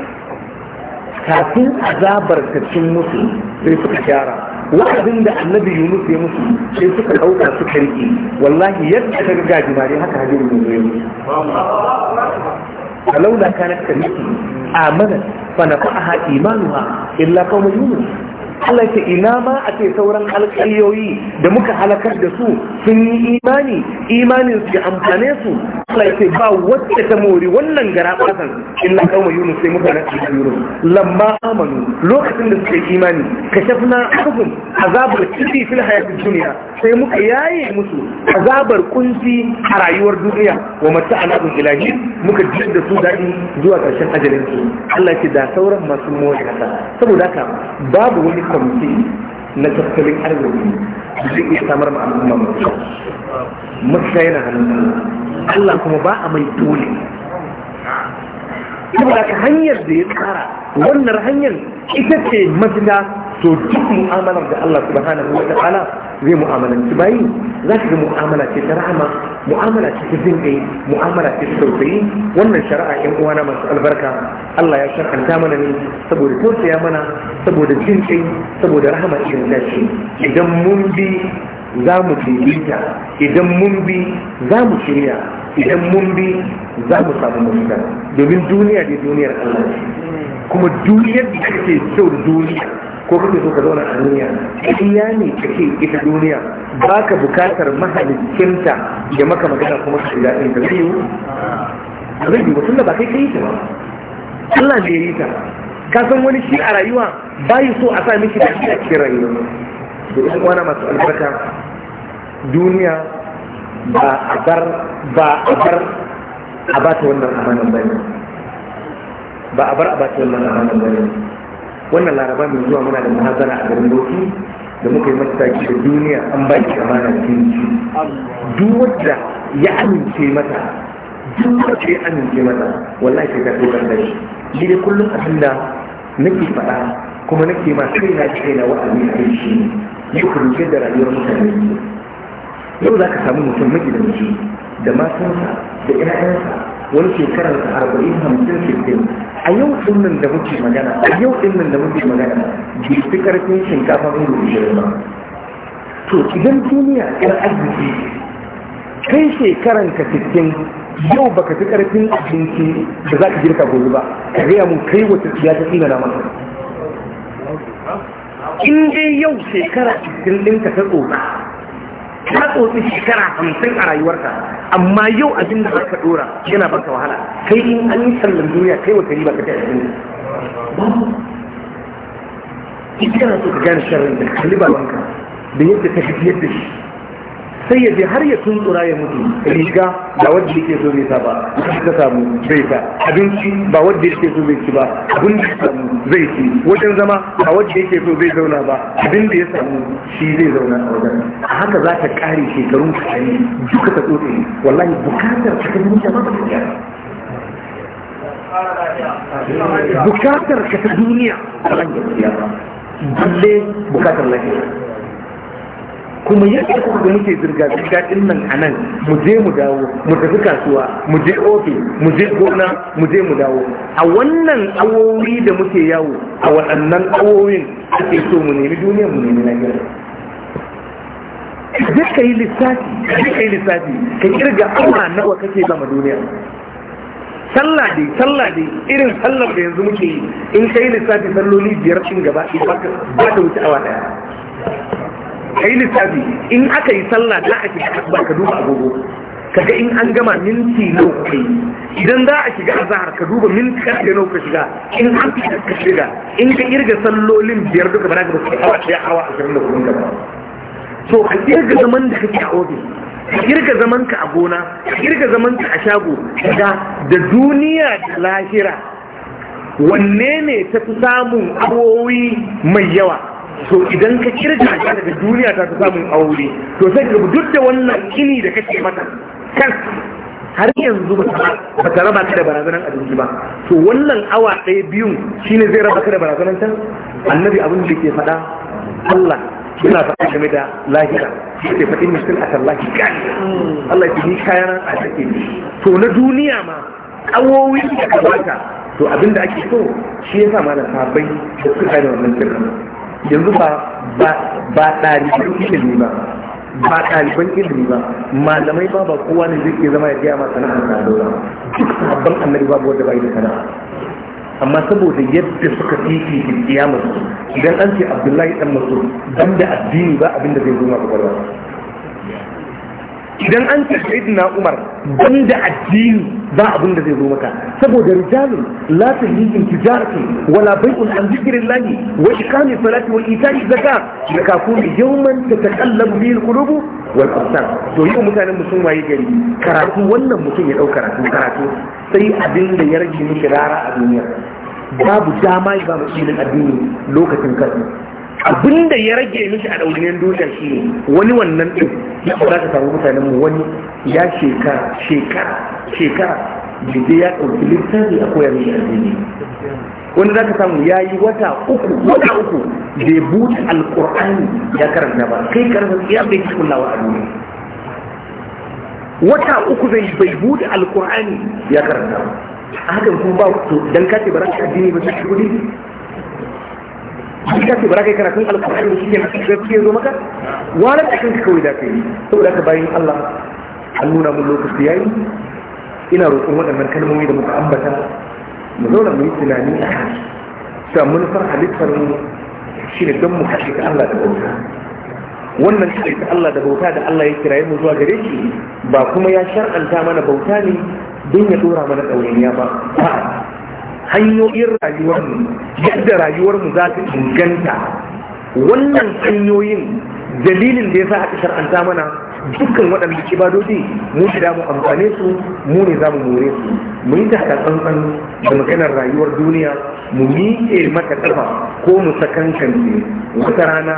kafin azabar ta cin musu sai suka gyara wa'azin da annabi yunus ya musu sai suka ɗauka suka riƙe wallahi yadda ta ga gajimare haka hajjin mu zo musu فلولا كانت كلمتي آمنت فنفعها إيمانها إلا قوم يونس Allah ce ina ma a ce sauran alƙaliyoyi da muka halakar da su sun yi imani imanin su amfane su Allah ya ce ba wacce ta mori wannan gara in na kauma yunus sai muka mutanen annabi yunus lamma amanu lokacin da suka yi imani na akhum azabar ciki fil hayatun duniya sai muka yaye musu azabar kunci a rayuwar duniya wa a bil ilahi muka ji da su daɗi zuwa ƙarshen ajalin su Allah ce da sauran masu mori kasa saboda haka babu wani kwamiti na tattalin arziki da zai iya samar ma al'umma mutum yana hannun Allah kuma ba a mai dole saboda ka hanyar da ya tsara wannan hanyar ita ce mafita to duk mu'amalar da Allah subhanahu wa ta'ala zai mu'amalanci bayi za ka ga mu'amala ce ta rahama mu'amala ce ta jin kai mu'amala ce ta tausayi wannan shari'a yan uwana masu albarka Allah ya shar'anta mana ne saboda tausaya mana saboda jin kai saboda rahama irin tashi idan mun bi za mu daidaita idan mun bi za mu shirya idan mun bi za mu samu mafita domin duniya ne duniyar Allah kuma duniyar da kake da duniya ko kake so ka zauna a duniya iya ne kake ita duniya ba ka bukatar mahalicinta da maka magana kuma ka shiga ɗin ka zai yiwu zai yiwu mutum da ba kai kai ta ba Allah ne ya yi ta ka san wani shi a rayuwa bayi so a sa miki da shi a cikin rayuwa da ɗan wani masu albarka duniya ba a bar ba a bar a ba ta wannan amanin ba ne ba a bar a ba ta wannan amanin ba ne wannan laraba mai zuwa muna da muhazara a garin doki da muka yi mataki da duniya an ba ki amana kinci duk wadda ya amince mata duk wadda ya amince mata wallahi sai ta dokar da shi shi dai kullum abinda nake faɗa kuma nake ma kaina kaina wa'azi a kai shi yi kurushe da rayuwar mutane yau za ka samu mutum magidanci da matansa da ƴaƴansa wani shekarar arba'in hamsin sittin a yau ɗin nan da muke magana a yau ɗin nan da muke magana bai fi ƙarfin shinkafa mai rubuce ba to idan duniya ƴar arziki kai shekaran ka fitin yau baka fi ƙarfin abinci da za ka girka gobe ba ka gaya mun kai wata tsiya ta na masa in dai yau shekara cikin ka ta tsoka ta tsotsi shekara hamsin a rayuwarka amma yau abin da aka dora yana baka wahala kai in an yi sallan duniya kai wata riba ka ta cikin Ba so ka gane shirin da wanka, da yadda ta hajiyar da shi sai ya je har ya tunkura ya mutu riga ba wadda yake so bai sa ba ka samu zai sa abinci ba wadda yake so bai ci ba abin da ya samu zai ci wajen zama ba wadda yake so zai zauna ba abin da ya samu shi zai zauna a wajen a haka za ta kare shekarun ka duka ta tsotse wallahi bukatar ka ta mutu ba ba ta bukatar ka ta duniya a ran gaskiya ba balle bukatar lafiya kuma yadda kuka ga muke zirga zirga din nan a nan mu je mu dawo mu tafi kasuwa mu je ofis mu je gona mu je mu dawo a wannan awowi da muke yawo a waɗannan awowin ake so mu nemi duniya mu nemi na gida ka yi lissafi yi lissafi ka kirga awa nawa kake zama duniya sallah dai sallah dai irin sallar da yanzu muke yi in kai lissafi salloli biyar cin gaba ba ka wuce awa daya kai lissafi in aka yi sallah za a shiga asuba ka duba agogo kaga in an gama minti nawa kai idan za a shiga azahar ka duba minti karfe nawa ka shiga in an fi ka shiga in ka irga sallolin biyar duka ba za ka ba awa hawa awa ashirin da kuma gaba so ka irga zaman da kake a ofis ka irga zaman ka a gona ka irga zaman ka a shago da da duniya da lahira wanne ne ta fi samun abubuwi mai yawa to idan ka kirga ka daga duniya ta samun aure to sai ka duk da wannan kini da kake mata kan har yanzu ba ta raba ka da barazanan abinci ba to wannan awa ɗaya biyun shine zai raba ka da barazanan can annabi abin da ke faɗa Allah yana faɗa game da lahira sai faɗi mutum a kan lahira Allah ya ni kayan a take to na duniya ma kawowi da kawata to abin da ake so shi yasa malam sahabbai da suka da wannan sirrin yanzu ba ba ɗaliban ilimi ba ba ɗaliban ilimi ba malamai ba ba kowa ne zai zama ya gaya masa sana'ar na dora duk sabon annabi babu wanda ba yi da sana'a amma saboda yadda suka fifi da kiyamar idan an ce abdullahi dan masu dan da addini ba abin da zai zo ma kwakwalwa idan an ce sayyidina umar ban da addini ba abin da zai zo maka saboda rijalun la tulhihim tijaratun wala bai'un an dhikrillah wa iqami salati wa ita'i zakat yakafun yawman tatakallabu bihi alqulubu wal absar to yau mutanen mu sun waye gari karatu wannan mutum ya dauka karatu karatu sai abin da ya rage miki rara a duniya babu dama ya ba mu addini lokacin karfi abinda ya rage mishi a ɗauniyar doka shi ne wani wannan ɗin ya za ka samu mutanen mu wani ya shekara shekara shekara jide ya ɗauki littafi a koyar mishi addini wani za ka samu ya yi wata uku wata uku ya buɗe alƙur'ani ya karanta ba kai karanta ya bai kullawa a duniya wata uku zai bai buɗe alƙur'ani ya karanta ba a hakan kuma ba dan kace ba za ka addini ba sai kuɗi an kace ba za ka yi karatun alƙur'ani shi ne na gaskiya zo maka wani da kanka kawai da ka yi saboda ka bayin Allah an nuna mun lokaci yayi ina roƙon waɗannan kalmomi da muka ambata mu zauna mu yi tunani a kan cewa manufar halittar mu shi ne don mu haɗe ka Allah da bauta wannan haɗe ka Allah da bauta da Allah ya kiraye mu zuwa gare shi ba kuma ya shar'anta mana bauta ne don ya ɗora mana ɗawainiya ba hanyoyin rayuwarmu yadda rayuwarmu za ta inganta wannan hanyoyin dalilin da ya sa aka shar'anta mana dukkan waɗanda ibadodi mu shi mu amfane su mu ne za mu more su mu yi ta tsantsan da maganar rayuwar duniya mu miƙe mata ƙafa ko mu sakankance wata rana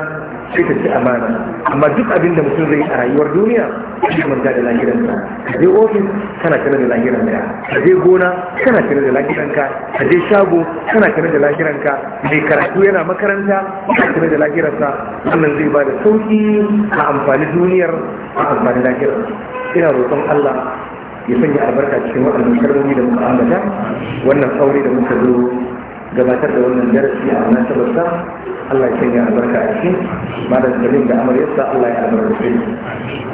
sai ta ci amana amma duk abin da mutum zai a rayuwar duniya shi manta da lahiranka ka je ofis kana kana da lahiranka ka je gona kana kana da lahiranka ka je shago kana kana da lahiranka mai karatu yana makaranta kana kana da lahiransa wannan zai ba da sauƙi a amfani duniyar a amfani lahirar ina roƙon Allah ya sanya albarka cikin waɗannan kalmomi da muka ambata wannan aure da muka zo gabatar da wannan darasi a wannan sabarsa Allah ya sanya albarka a cikin malam salim da amaryarsa Allah ya albarka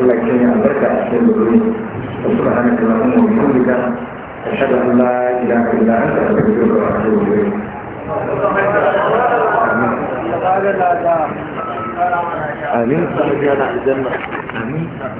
Allah ya sanya albarka a cikin gobe subhanaka allahumma wa bihamdika ashhadu an la ilaha illa anta astaghfiruka wa atubu ilayk Amin. Amin.